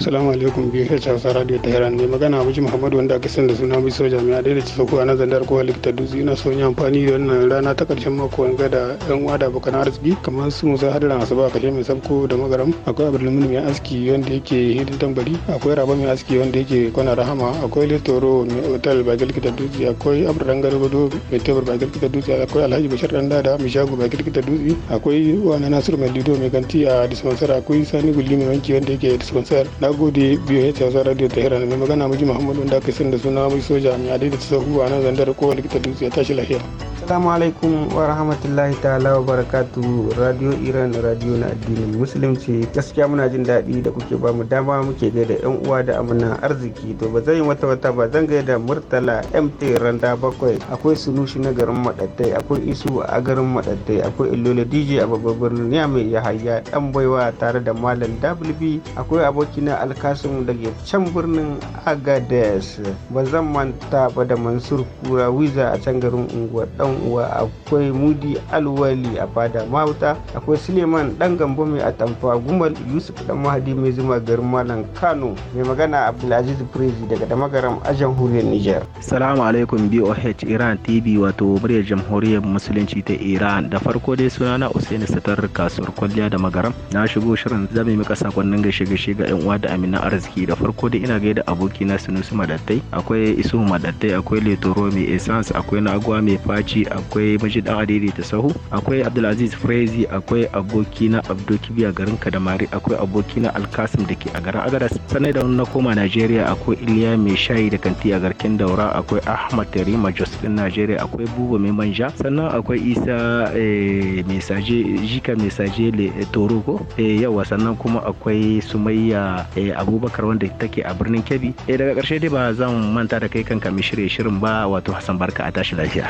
assalamu alaikum biyu hausa radio tehran mai magana abuji muhammadu wanda aka sani da suna biso jami'a daidai ci sauko a nan zandar kowa likita dutse ina so sun yi amfani da wannan rana ta karshen mako in da yan uwa da abokan arziki kamar su musa a asaba kashe mai sabko da magaram akwai abdulmin mai aski wanda yake hidin tambari akwai raba mai aski wanda yake kwana rahama akwai litoro mai otal ba girkita dutse akwai abdurran garbado mai tebur ba girkita dutse akwai alhaji bashir dan dada mai shago ba girkita dutse akwai wani nasiru mai lido mai ganti a dispensar akwai sani gulli mai wanki wanda yake dispensar na gode biyu ya tausa radio ta hira mai magana miji muhammadu wanda aka sani da suna mai soja mai adai da sahu a nan zandar kowa likita dutse ya tashi tashi Assalamu alaikum wa rahmatullahi ta'ala wa barakatu Radio Iran Radio na addinin Musulunci gaskiya muna jin daɗi da kuke ba mu dama muke da yan uwa da amina arziki to ba zan yi wata wata ba zan da Murtala MT Randa bakwai akwai Sunushi na garin Madattai akwai Isu a garin Madattai akwai Illola DJ a babban birnin ya Yahaya dan baiwa tare da Malam WB akwai abokina alkasun da ke can birnin Agades ba zan manta ba da Mansur Kura Wiza a can garin unguwar dan kan wa akwai mudi alwali a fada mahauta akwai suleiman dan gambo mai atamfa gumal yusuf dan mahadi mai zuma garin malam kano mai magana abdulaziz prezi daga damagaram a jamhuriyar niger salamu alaikum boh iran tv wato muryar jamhuriyar musulunci ta iran da farko dai sunana usaini satar kasuwar kwalliya da magaram na shigo shirin zame mika sakonnin gaishe gaishe ga yan uwa da amina arziki da farko dai ina gaida abokina sunusu madattai akwai isu madattai akwai letoro mai essence akwai nagwa mai faci akwai majid dan ta sahu akwai abdulaziz frezi akwai abokina abdo kibiya garin kadamari akwai abokina alkasim da ke a garin agadas sannan da na koma najeriya akwai iliya mai shayi da kanti a garkin daura akwai ahmad tarima jos nigeria najeriya akwai buba mai manja sannan akwai isa eh, mai saje jika mai saje le eh, toroko eh, yawa sannan kuma akwai sumayya abubakar wanda take a birnin kebbi daga karshe dai ba zan manta da kai kanka mai shirye shirin ba wato hassan barka a tashi lafiya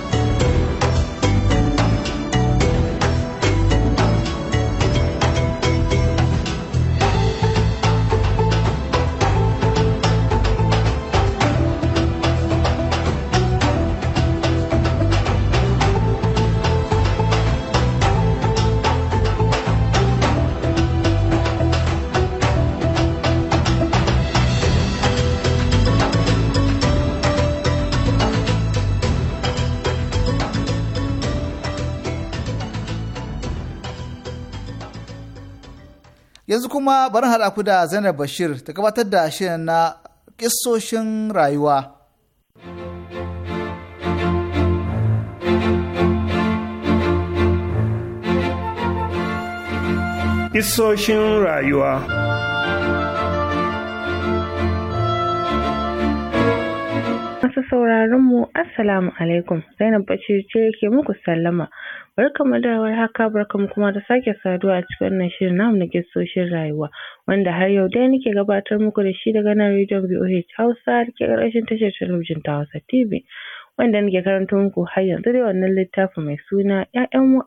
kuma bari haɗa ku da Zainab Bashir ta gabatar da shirin na kissoshin rayuwa. Kissoshin rayuwa Masu mu Assalamu alaikum, Zainab Bashir ce ke muku sallama. Barkanmu da warhaka barkanmu kuma da sake saduwa a cikin wannan shirin namu na kisoshin rayuwa wanda har yau dai nake gabatar muku da shi daga nan rediyon BOH Hausa da ke ƙarƙashin tashar talabijin ta Hausa TV wanda nake karanto muku har yanzu dai wannan littafi mai suna ‘Ya'yanmu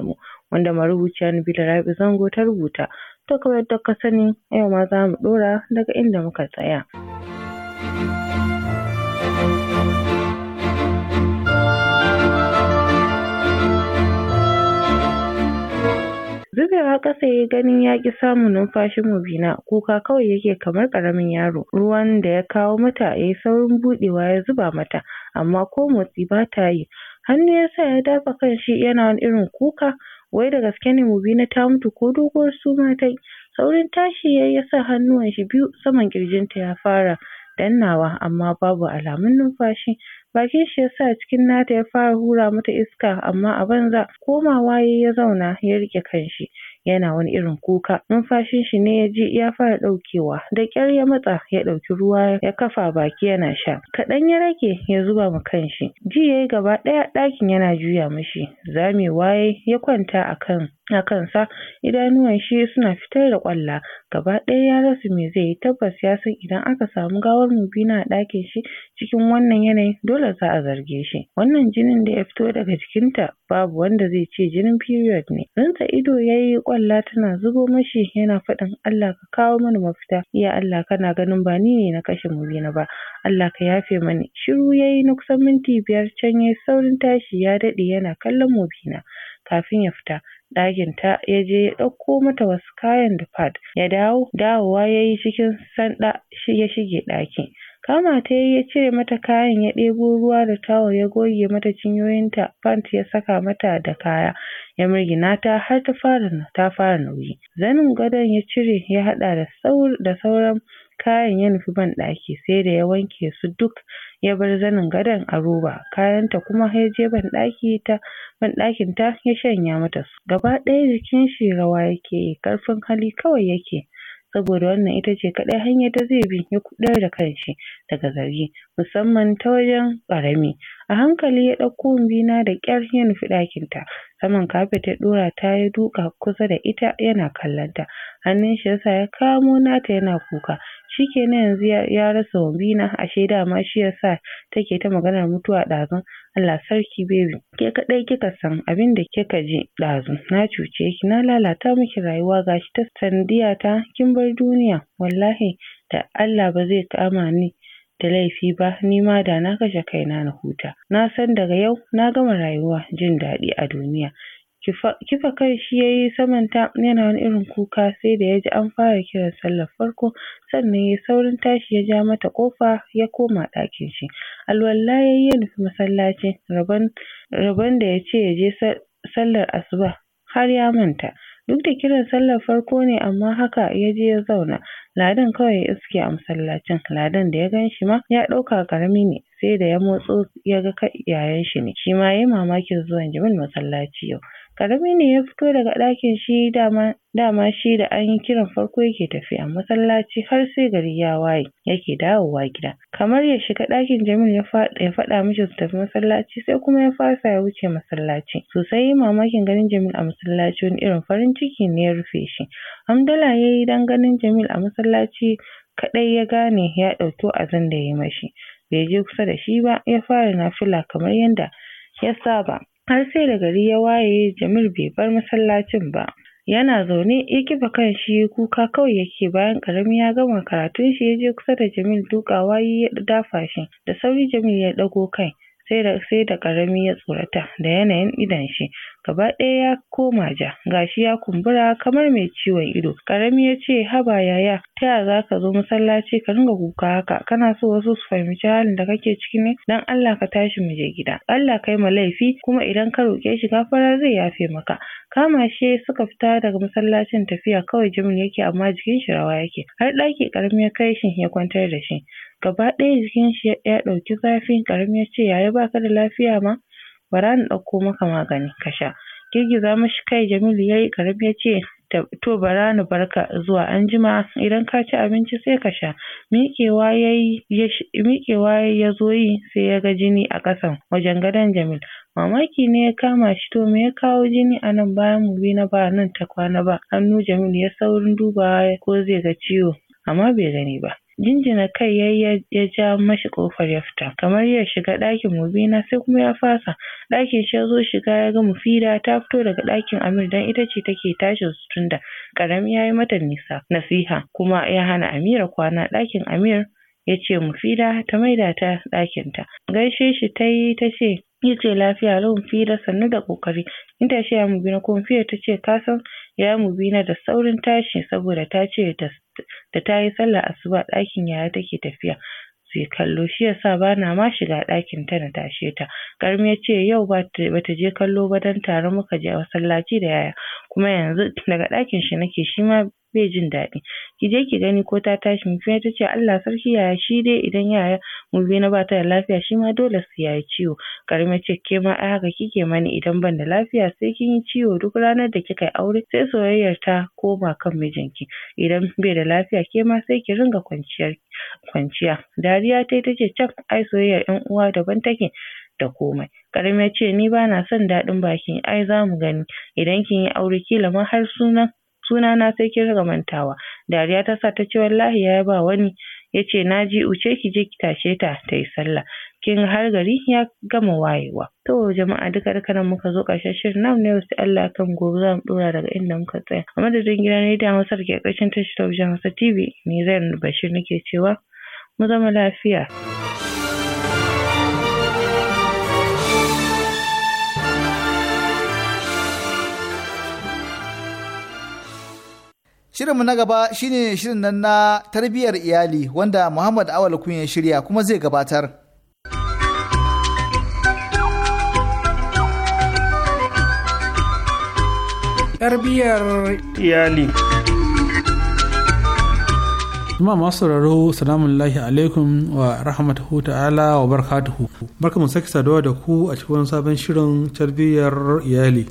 mu wanda marubuciya Nabila Rabi Zango ta rubuta. To kamar yadda ka sani yau ma za mu ɗora daga inda muka tsaya. Zubewa ƙasa ya ganin ya ƙi samun numfashin Mubina, kuka kawai yake kamar ƙaramin yaro. Ruwan da ya kawo mata ya yi saurin buɗewa ya zuba mata, amma ko motsi ba ta yi. Hannu ya sa ya dafa kanshi, yana wani irin kuka, wai da gaske ne Mubina ta mutu ko doguwar suma ta Saurin tashi ya yi sa hannuwan shi biyu saman ƙirjinta ya fara dannawa amma babu alamun numfashi. Bakin shi yasa cikin nata ya fara hura mata iska amma a banza. Komawa yayi ya zauna ya riƙe kanshi. yana wani irin kuka numfashin shi ne ya ji ya fara ɗaukewa da ƙyar ya matsa ya ɗauki ruwa ya kafa baki yana sha kaɗan ya rage ya zuba ma kanshi ji yayi gaba ɗaya ɗakin yana juya mishi zamewa yayi ya kwanta akan a kansa idanuwan shi suna fitar da ƙwalla gaba ɗaya ya rasa me zai yi tabbas ya san idan aka samu gawar Mubina a ɗakin shi cikin wannan yanayin dole za a zarge shi wannan jinin da ya fito daga jikinta babu wanda zai ce jinin period ne rinsa ido ya yi ƙwalla tana zubo mashi yana faɗin Allah ka kawo mana mafita iya Allah kana ganin ba ni ne na kashe Mubina ba Allah ka yafe mani shiru ya yi na kusan minti biyar can ya saurin tashi ya daɗe yana kallon Mubina kafin ya fita ɗakin ta ya je ya ɗauko mata wasu kayan da pad ya dawo dawowa ya yi cikin shi ya shige ɗaki. kama ta ya cire mata kayan ya ɗebo ruwa da tawul ya goge mata cinyoyinta pant ya saka mata da kaya ya mirgina ta har ta fara ta fara nauyi zanin gadon ya cire ya haɗa da sauran kayan ya nufi banɗaki sai da ya wanke su duk ya bar zanin gadon a roba kayanta kuma ya je banɗaki ta banɗakin ta ya shanya mata su gaba ɗaya jikin shi rawa yake yi ƙarfin hali kawai yake saboda wannan ita ce kaɗai hanyar da zai bi ya kuɓutar da kanshi daga zargi musamman ta wajen ƙarami a hankali ya ɗauko na da ƙyar ya nufi ɗakin ta saman kafet ya ɗora ta ya duka kusa da ita yana kallon ta hannun shi yasa ya kamo nata yana kuka shikenan yanzu ya rasa wabina ashe dama shi yasa take ta maganar mutuwa ɗazun Allah sarki baby ke kaɗai kika san abin da kika ji ɗazu na cuce ki na lalata miki rayuwa gashi ta sandiyata kin bar duniya wallahi da Allah ba zai kama ni da laifi ba ni ma da na kashe kaina na huta na san daga yau na gama rayuwa jin daɗi a duniya kifa kai shi yayi saman ta yana wani irin kuka sai da yaji an fara kiran sallar farko sannan yayi saurin tashi ya ja mata ƙofa ya koma ɗakin shi alwala yayi ya nufi masallaci rabon rabon da yace yaje sallar asuba har ya manta duk da kiran sallar farko ne amma haka yaje ya zauna ladan kawai ya iske a masallacin ladan da ya ganshi ma ya ɗauka ƙarami ne sai da ya motso ya ga kai yayan shi ne shima yayi mamakin zuwan jimin masallaci yau Ƙarami ne ya fito daga ɗakin shi dama shi da an yi kiran farko yake tafiya masallaci har sai gari ya waye yake dawowa gida. Kamar ya shiga ɗakin Jamil ya faɗa mishi su tafi masallaci sai kuma ya fasa ya wuce masallaci. Sosai ya yi mamakin ganin Jamil a masallaci wani irin farin ciki ne ya rufe shi. Hamdala ya yi don ganin Jamil a masallaci kaɗai ya gane ya ɗauki wa'azin da ya yi mashi. Bai je kusa da shi ba ya fara nafila kamar yadda ya saba. har sai da gari ya waye Jamil bai bar masallacin ba. Yana zaune ya kifa kan shi kuka kawai yake bayan karami ya gama karatun shi ya je kusa da Jamil dukawa ya dafa shi da sauri Jamil ya dago kai sai da sai da karami ya tsorata da yanayin idon shi gaba ɗaya ya koma ja gashi ya kumbura kamar mai ciwon ido karami ya ce haba yaya ta yaya za ka zo masallaci ka ringa kuka haka kana so wasu su fahimci halin da kake ciki ne dan Allah ka tashi mu je gida Allah kai ma laifi kuma idan ka roƙe shi gafara zai yafe maka kama shi suka fita daga masallacin tafiya kawai Jimin yake amma jikin shi rawa yake har ɗaki ƙarami ya kai shi ya kwantar da shi gaba ɗaya jikin shi ya ɗauki zafi ƙarami ya ce yaya baka da lafiya ma bara na ɗauko maka magani ka sha girgiza mashi kai Jamilu yayi Karami yace ce to bara na barka zuwa anjima idan ka ci abinci sai ka sha miƙewa yayi miƙewa ya zo yi sai ya ga jini a ƙasan wajen gadon Jamil mamaki ne ya kama shi to me ya kawo jini a nan bayan na ba nan ta kwana ba hannu Jamil ya saurin dubawa ko zai ga ciwo amma bai gani ba Jinjina kai yayi ya ja mashi ƙofar ya fita, kamar ya shiga ɗakin Mubina sai kuma ya fasa. Ɗakin shi ya zo shiga ya ga Mufida ta fito daga ɗakin Amir don ita ce take tashin su da ƙarami ya yi mata nisa nasiha kuma ya hana Amira kwana ɗakin Amir ya ce Mufida ta maida ta ɗakinta. Gaishe shi ta yi ta ce ya ce lafiya lau Mufida sannu da ƙoƙari. In ta ce ya Mubina ko Mufida ta ce ka san ya Mubina da saurin tashi saboda ta ce ta da tayi sallar asuba ɗakin yaya take tafiya sai kallo shiyasa bana ma shiga ɗakin ta na tashe ta ƙarami yace yau bata je kallo ba don tare muka je masallaci da yaya kuma yanzu daga ɗakin shi nake shima bai jin daɗi ki je ki gani ko ta tashi Mufina ta ce Allah sarki yaya shi dai idan yaya mu na ba ta da lafiya shi ma dole sai yayi ciwo Karima ce ke ma ai haka kike mani idan ban da lafiya sai kin yi ciwo duk ranar da kika yi aure sai soyayyar ta koma kan mijinki idan bai da lafiya ke ma sai ki ringa kwanciyar kwanciya dariya ta tace caf ai soyayyar ƴan uwa daban take da komai Karima ce ni bana son daɗin baki ai za mu gani idan kin yi aure kila ma har sunan Suna na sai kin riga mantawa dariya ta sa ta ce wallahi ya ba wani ya ce na ji uce ki je ki tashe ta ta yi sallah kin har gari ya gama wayewa to jama'a duka duka nan muka zo ƙarshen shirin nam ne wasu Allah kan gobe za mu ɗora daga inda muka tsaya a madadin gida ne da Hausar ke ƙarshen tashi talabijin Hausa TV ni Zainab Bashir nake cewa mu zama lafiya. Shirinmu na gaba shine shirin nan na tarbiyyar iyali wanda Muhammad Awal Kun ya shirya kuma zai gabatar. Tarbiyyar iyali. Jama'a masu sauraro salamun lahi alaikum wa rahmatuhu ta'ala wa barakatuhu. Barka mu sake saduwa da ku a cikin sabon shirin tarbiyyar iyali.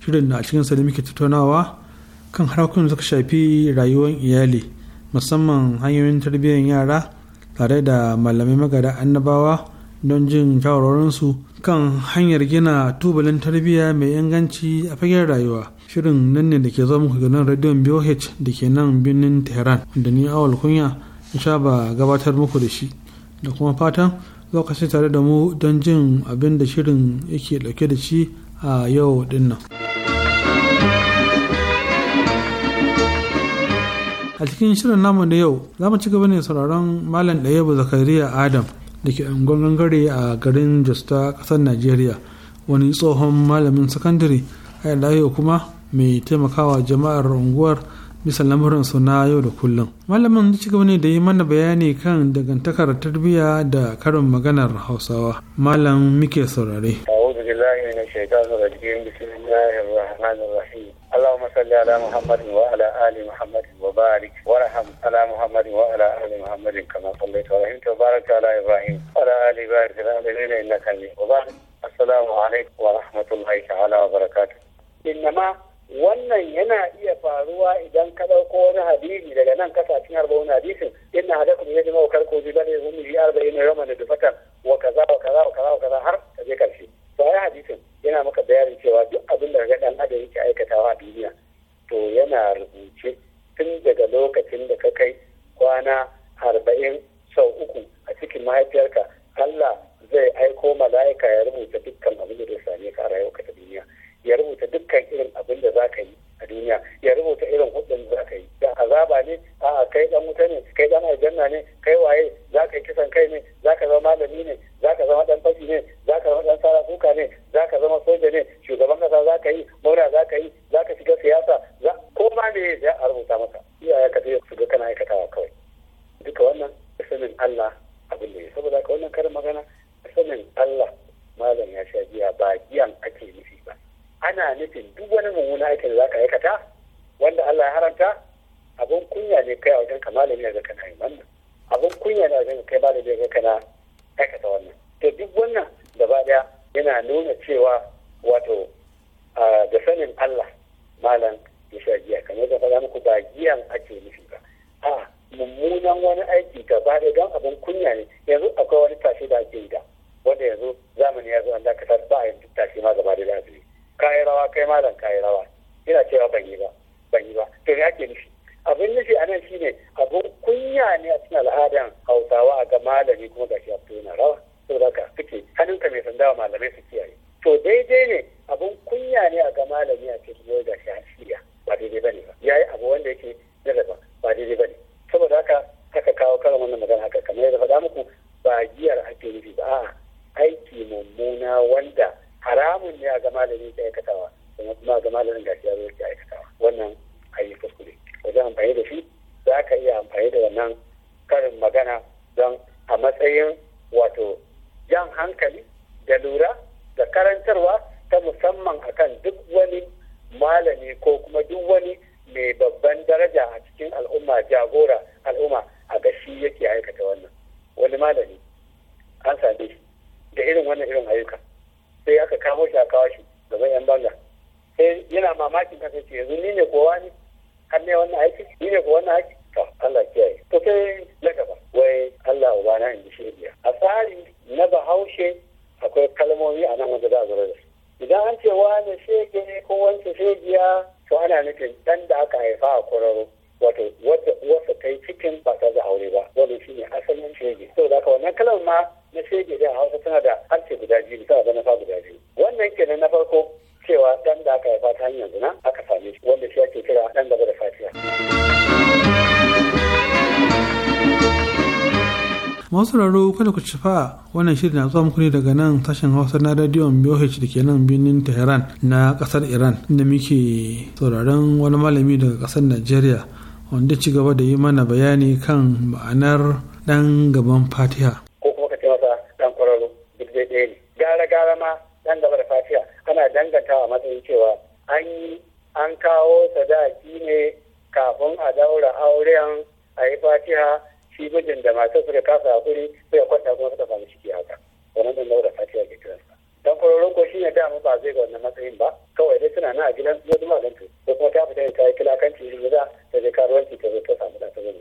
Shirin da a cikin sa muke tattaunawa kan harkokin suka shafi rayuwar iyali musamman hanyoyin tarbiyyar yara tare da malamai magada annabawa don jin shawarorinsu kan hanyar gina tubalin tarbiyya mai inganci a fagen rayuwa shirin nan ne da ke zo muku ganin radio boh da ke nan birnin tehran da ni awal kunya in sha ba gabatar muku da shi da kuma fatan lokaci tare da mu don jin abin da shirin yake dauke da shi a yau dinnan. a cikin shirin namu da yau za mu ci gaba ne sauraron malam ba zakariya adam da ke angon gangare a garin josta ƙasar najeriya wani tsohon malamin sakandare a yadda yau kuma mai taimakawa jama'ar unguwar bisa lamarin su na yau da kullum malamin ci gaba ne da yi mana bayani kan dangantakar tarbiyya da karin maganar hausawa malam muke saurare أعوذ بالله من صل على محمد وعلى آل محمد وبارك وارحم على محمد وعلى آل محمد كما صليت ورحمت وبارك على إبراهيم وعلى آل إبراهيم في العالمين إنك حميد وبارك السلام عليكم ورحمة الله تعالى وبركاته إنما wannan yana iya faruwa idan ka ɗauko wani hadisi daga nan kasashen harba wani hadisin sun dawa malamai su kiyaye to daidai ne abun kunya ne a ga malami a cikin yau da shafiya ba daidai ba ne ba yayi abu wanda yake na daban ba daidai ba ne saboda haka haka kawo karin wannan magana haka kamar yadda faɗa muku ba giyar ake nufi ba a'a aiki mummuna wanda haramun ne a ga malami ta aikatawa sannan kuma ga malamin gashi ya zo ya aikatawa wannan ayi kuskure wajen amfani da shi za ka iya amfani da wannan karin magana don a matsayin wato jan hankali da lura da karantarwa ta musamman akan duk wani malami ko kuma duk wani mai babban daraja a cikin al'umma jagora al'umma a gashi yake aikata wannan wani malami an same shi da irin wannan irin ayyuka sai aka kamo shi a kawo shi gaban yan banga sai yana mamakin kasa ce yanzu ni ne kowa ne har ne wannan aiki ni ne kowa wannan aiki to Allah kiyaye to sai na gaba wai Allah ubana in ji shi a tsari na bahaushe akwai kalmomi a nan wanda za a da su idan an ce wani shege ko wani shegiya to ana nufin dan da aka haifa a kwararo wato wasu kai cikin ba ta da aure ba wani shi ne asalin shege to da wannan kalar ma na shege da hausa tana da harshe guda biyu tana da nafa guda biyu wannan kenan na farko cewa dan da aka haifa ta hanyar zina aka same shi wanda shi ake kira dan gaba da fatiya. masu raro kada ku ci fa wannan shirin na zuwa muku ne daga nan sashen hausa na radiyon boh da ke nan birnin tehran na kasar iran inda muke sauraron wani malami daga kasar Najeriya wanda ci gaba da yi mana bayani kan ma'anar dan gaban fatiha ko kuma ka ce masa dan kwararo duk ne gara gara ma dan gaba da fatiha ana a matsayin cewa an yi an kawo sadaki ne kafin a daura auren a yi fatiha shi mijin da matar suka kasa hakuri ya kwanta kuma suka samu ciki haka wannan da fatiya ke kiran sa dan kwararren ko shine mu ba zai ga wannan matsayin ba kawai dai suna na a gidan su zama dan to ko kuma ta fita ne ta yi kilakanci ne za ta je karuwanci ta zo ta samu da ta zo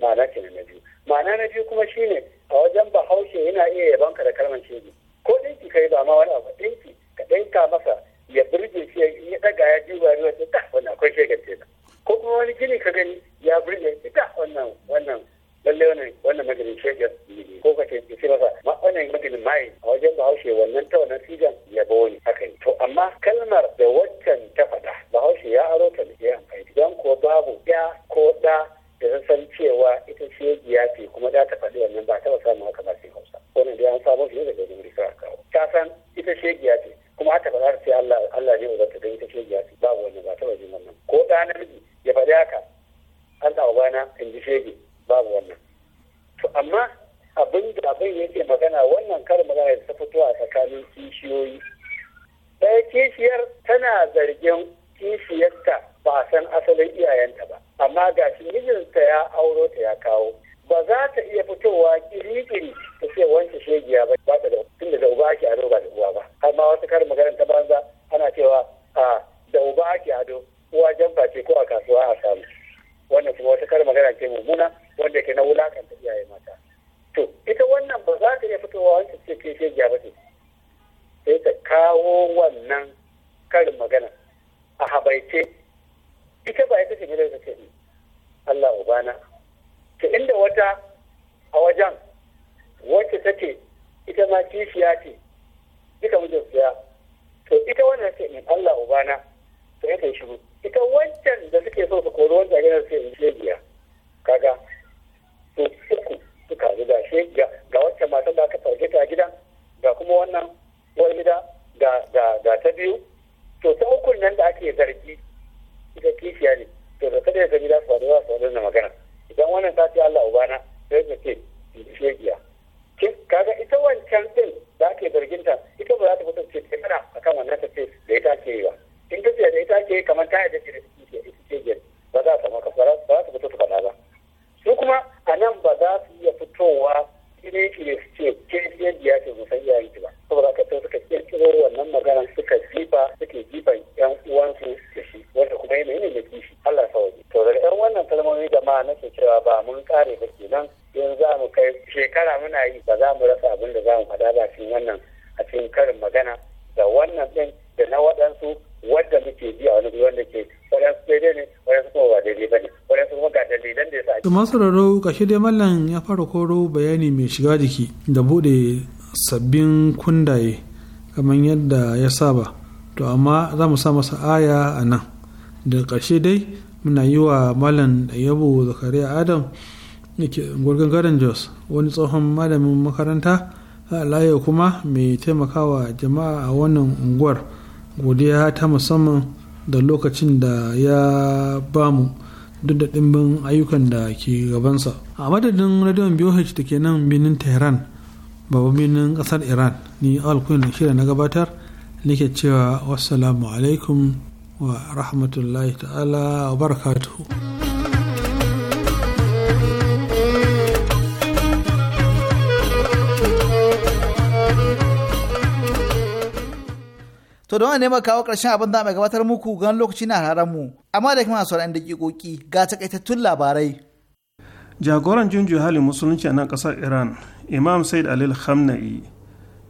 ma'ana kenan na biyu ma'ana na biyu kuma shine a wajen bahaushe yana iya ka da kalmar shege ko ɗinki kai ba ma wani abu ɗinki ka ɗinka masa ya burge shi ya daga ya ruwa ta wannan akwai shegen ce ko kuma wani gini ka gani ya burge ta wannan wannan lalle wannan wannan majalin shaidar ne ko ka ce ce masa ma wannan maganin mai a wajen bahaushe wannan ta wannan ya yabo ne haka ne to amma kalmar da waccan ta faɗa bahaushe ya aro ta ne ya amfani don ko babu ya ko da da san cewa ita ce giya ce kuma da ta faɗi wannan ba ta samu haka ba sai hausa wannan dai an samu shi ne daga wuri ka kawo ta san ita ce giya ce kuma haka ba za ta ce Allah Allah ne ta ga ita ce giya ce babu wannan ba ta jin wannan ko da namiji ya faɗi haka Allah ubana in ji shege babu wannan to amma abin da abin yake magana wannan karin magana da ta fito a tsakanin kishiyoyi ɗaya kishiyar tana zargin kishiyarta ba san asalin iyayenta ba amma ga shi mijinta ya auro ta ya kawo ba za ta iya fitowa kirikiri ta ce wancan shegiya ba ba ta da tun da uba ake ado ba da uwa ba har ma wasu karin magana ta banza ana cewa a da uba ake ado uwa jamfa ce ko a kasuwa a samu wannan kuma wata karin magana ce mummuna wanda ke na wulakanta iyaye mata to ita wannan ba za ta iya fitowa wanda ce ke ce ba ce sai ta kawo wannan karin magana a habaice ita ba ita ce ne ta ce Allah ubana ta inda wata a wajen wacce take ita ma kishiya ce ita mijin siya to ita wannan ce ne Allah ubana to ya kai shiru ita wancan da suke so su koro wancan gidan sai in shegiya kaga to uku suka riga shi ga wacce matan da aka farge ta gidan ga kuma wannan uwar gida ga ta biyu to ta ukun nan da ake zargi ita kishiya ne to da kada ya gani za su faɗi za su faɗi na magana idan wannan ta ce Allah ubana sai ta ce shegiya kaga ita wancan din da ake zarginta ita ba za ta fito ce tana akan wannan ta ce da ita ke yi ba in ta ce da ita ke kamar ta yadda ce da ita ce ba za ta maka ba za ta fito ta faɗa ba su kuma a nan ba za su iya fitowa ne ne su ce ke yadda ya ce musan iyayen ba saboda ka sai suka kirkiro wannan magana suka jifa suke jifan yan uwansu da shi wanda kuma yana da kishi Allah sauri to daga yan wannan kalmomi jama'a nake cewa ba mun kare ba nan yanzu za mu kai shekara muna yi ba za mu rasa abin da za mu faɗa ba cikin wannan a cikin karin magana da wannan ɗin da na waɗansu wanda muke ji a wani wanda ke su daidai ne kuma daidai ba ne su kuma ga da ya sa. dai mallan ya fara koro bayani mai shiga jiki da buɗe sabbin kundaye kamar yadda ya saba to amma za mu sa masa aya a nan da ƙarshe dai muna yi wa malam yabo zakariya adam gwargan garin jos wani tsohon malamin makaranta a layo kuma mai taimakawa jama'a a wannan unguwar godiya ta musamman da lokacin da ya bamu duk da ɗimbin ayyukan da ke gabansa a madadin radiyon BOH da ke nan birnin tehran babban birnin ƙasar iran ni alkuin da shirya na gabatar nake cewa wassalamu alaikum wa rahmatullahi ta'ala wa barakatuhu To don ne ma kawo ƙarshen abin da mai gabatar muku gan lokaci na hararen mu. Amma da kuma sauran kikoki ga takaitattun labarai. Jagoran junju halin musulunci a nan ƙasar Iran, Imam Said Alil khamnai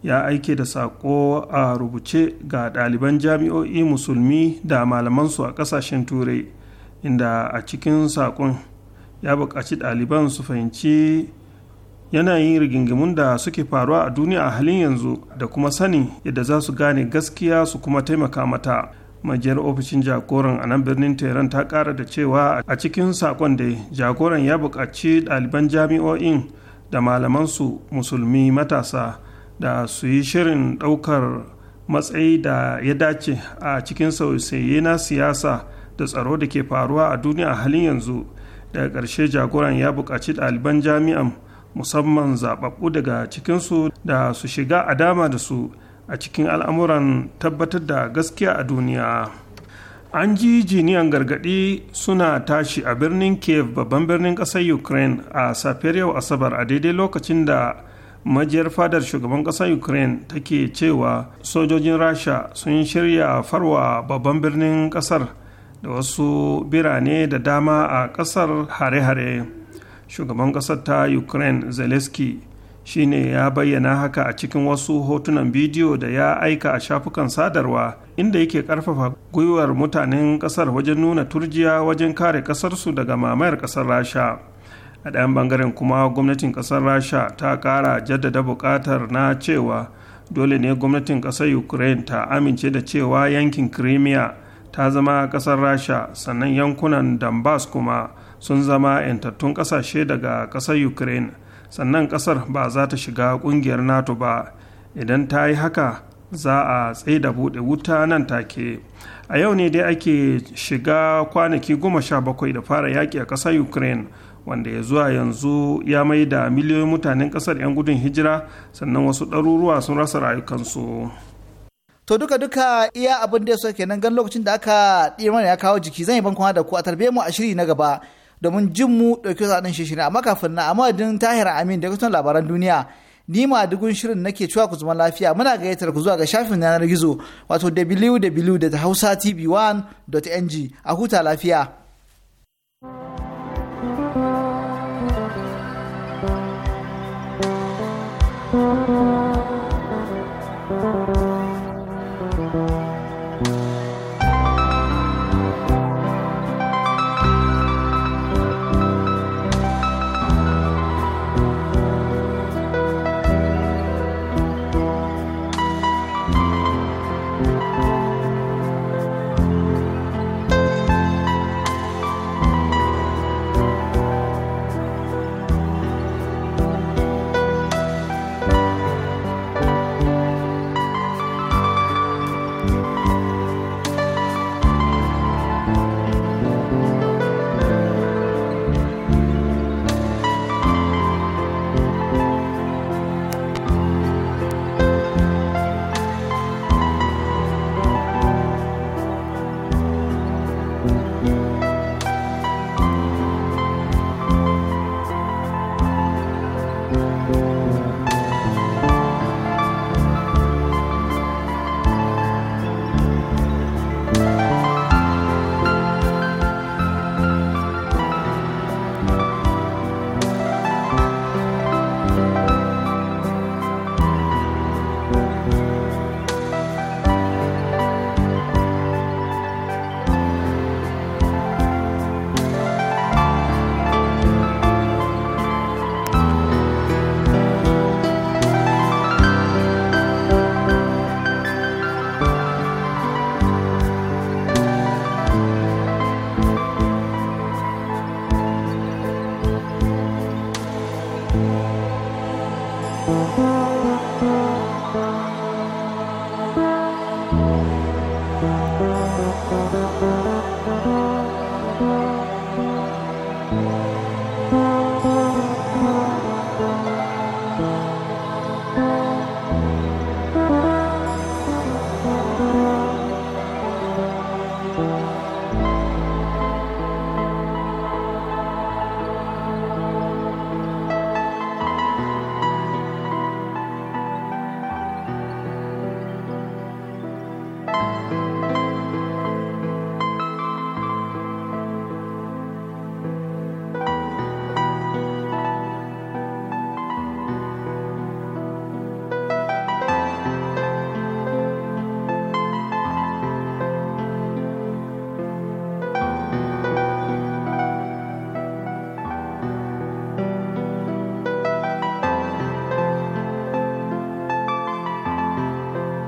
ya aike da saƙo a rubuce ga ɗaliban jami'o'i musulmi da malaman su a ƙasashen turai inda a cikin saƙon ya buƙaci ɗaliban su fahimci yanayin rigingimun da suke faruwa a duniya a halin yanzu da kuma sani yadda za su gane gaskiya su kuma taimaka mata majiyar ofishin jagoran a nan birnin tehran ta kara da cewa a cikin sakon da jagoran ya buƙaci ɗaliban jami'o'in da malaman su musulmi matasa da su yi shirin ɗaukar matsayi da ya dace a cikin sauye na siyasa da tsaro da ke faruwa a duniya a halin yanzu daga ƙarshe jagoran ya buƙaci ɗaliban jami'an musamman zaɓaɓɓu daga cikinsu da su shiga a dama da su a cikin al'amuran tabbatar da gaskiya a duniya an ji jiniyan gargaɗi suna tashi a birnin kiev babban birnin ƙasar ukraine a safiyar yau asabar a daidai lokacin da majiyar fadar shugaban ƙasar ukraine take cewa sojojin rasha sun shirya farwa babban birnin ƙasar da wasu birane da dama a ƙasar hare-hare shugaban ƙasar ta ukraine zelensky shine ya bayyana haka a cikin wasu hotunan bidiyo da ya aika a shafukan sadarwa inda yake karfafa gwiwar mutanen kasar wajen nuna turjiya wajen kare kasarsu daga mamayar kasar rasha a ɗayan bangaren kuma gwamnatin kasar rasha ta ƙara jaddada buƙatar na cewa dole ne gwamnatin ƙasar ukraine ta amince da cewa yankin crimea ta zama ƙasar rasha sannan yankunan donbass kuma sun zama 'yantattun ƙasashe daga kasar ukraine sannan kasar ba za ta shiga ƙungiyar nato ba idan ta yi haka za a tsaye da buɗe wuta nan take a yau ne dai ake shiga kwanaki goma sha bakwai da fara yaki a ƙasar ukraine wanda ya zuwa yanzu ya mai da miliyoyin mutanen ƙasar 'yan gudun hijira sannan wasu ɗaruruwa sun rasa rayukansu to duka duka iya abin da ya so kenan gan lokacin da aka ɗi mana ya kawo jiki zan yi bankon da ku a tarbe mu a shiri na gaba domin jin mu ɗauki zaɗin shi shirin amma kafin na amma din tahir amin da kusan labaran duniya ni ma dugun shirin nake cewa ku zama lafiya muna gayyatar ku zuwa ga shafin yanar gizo wato www.hausatv1.ng a huta lafiya.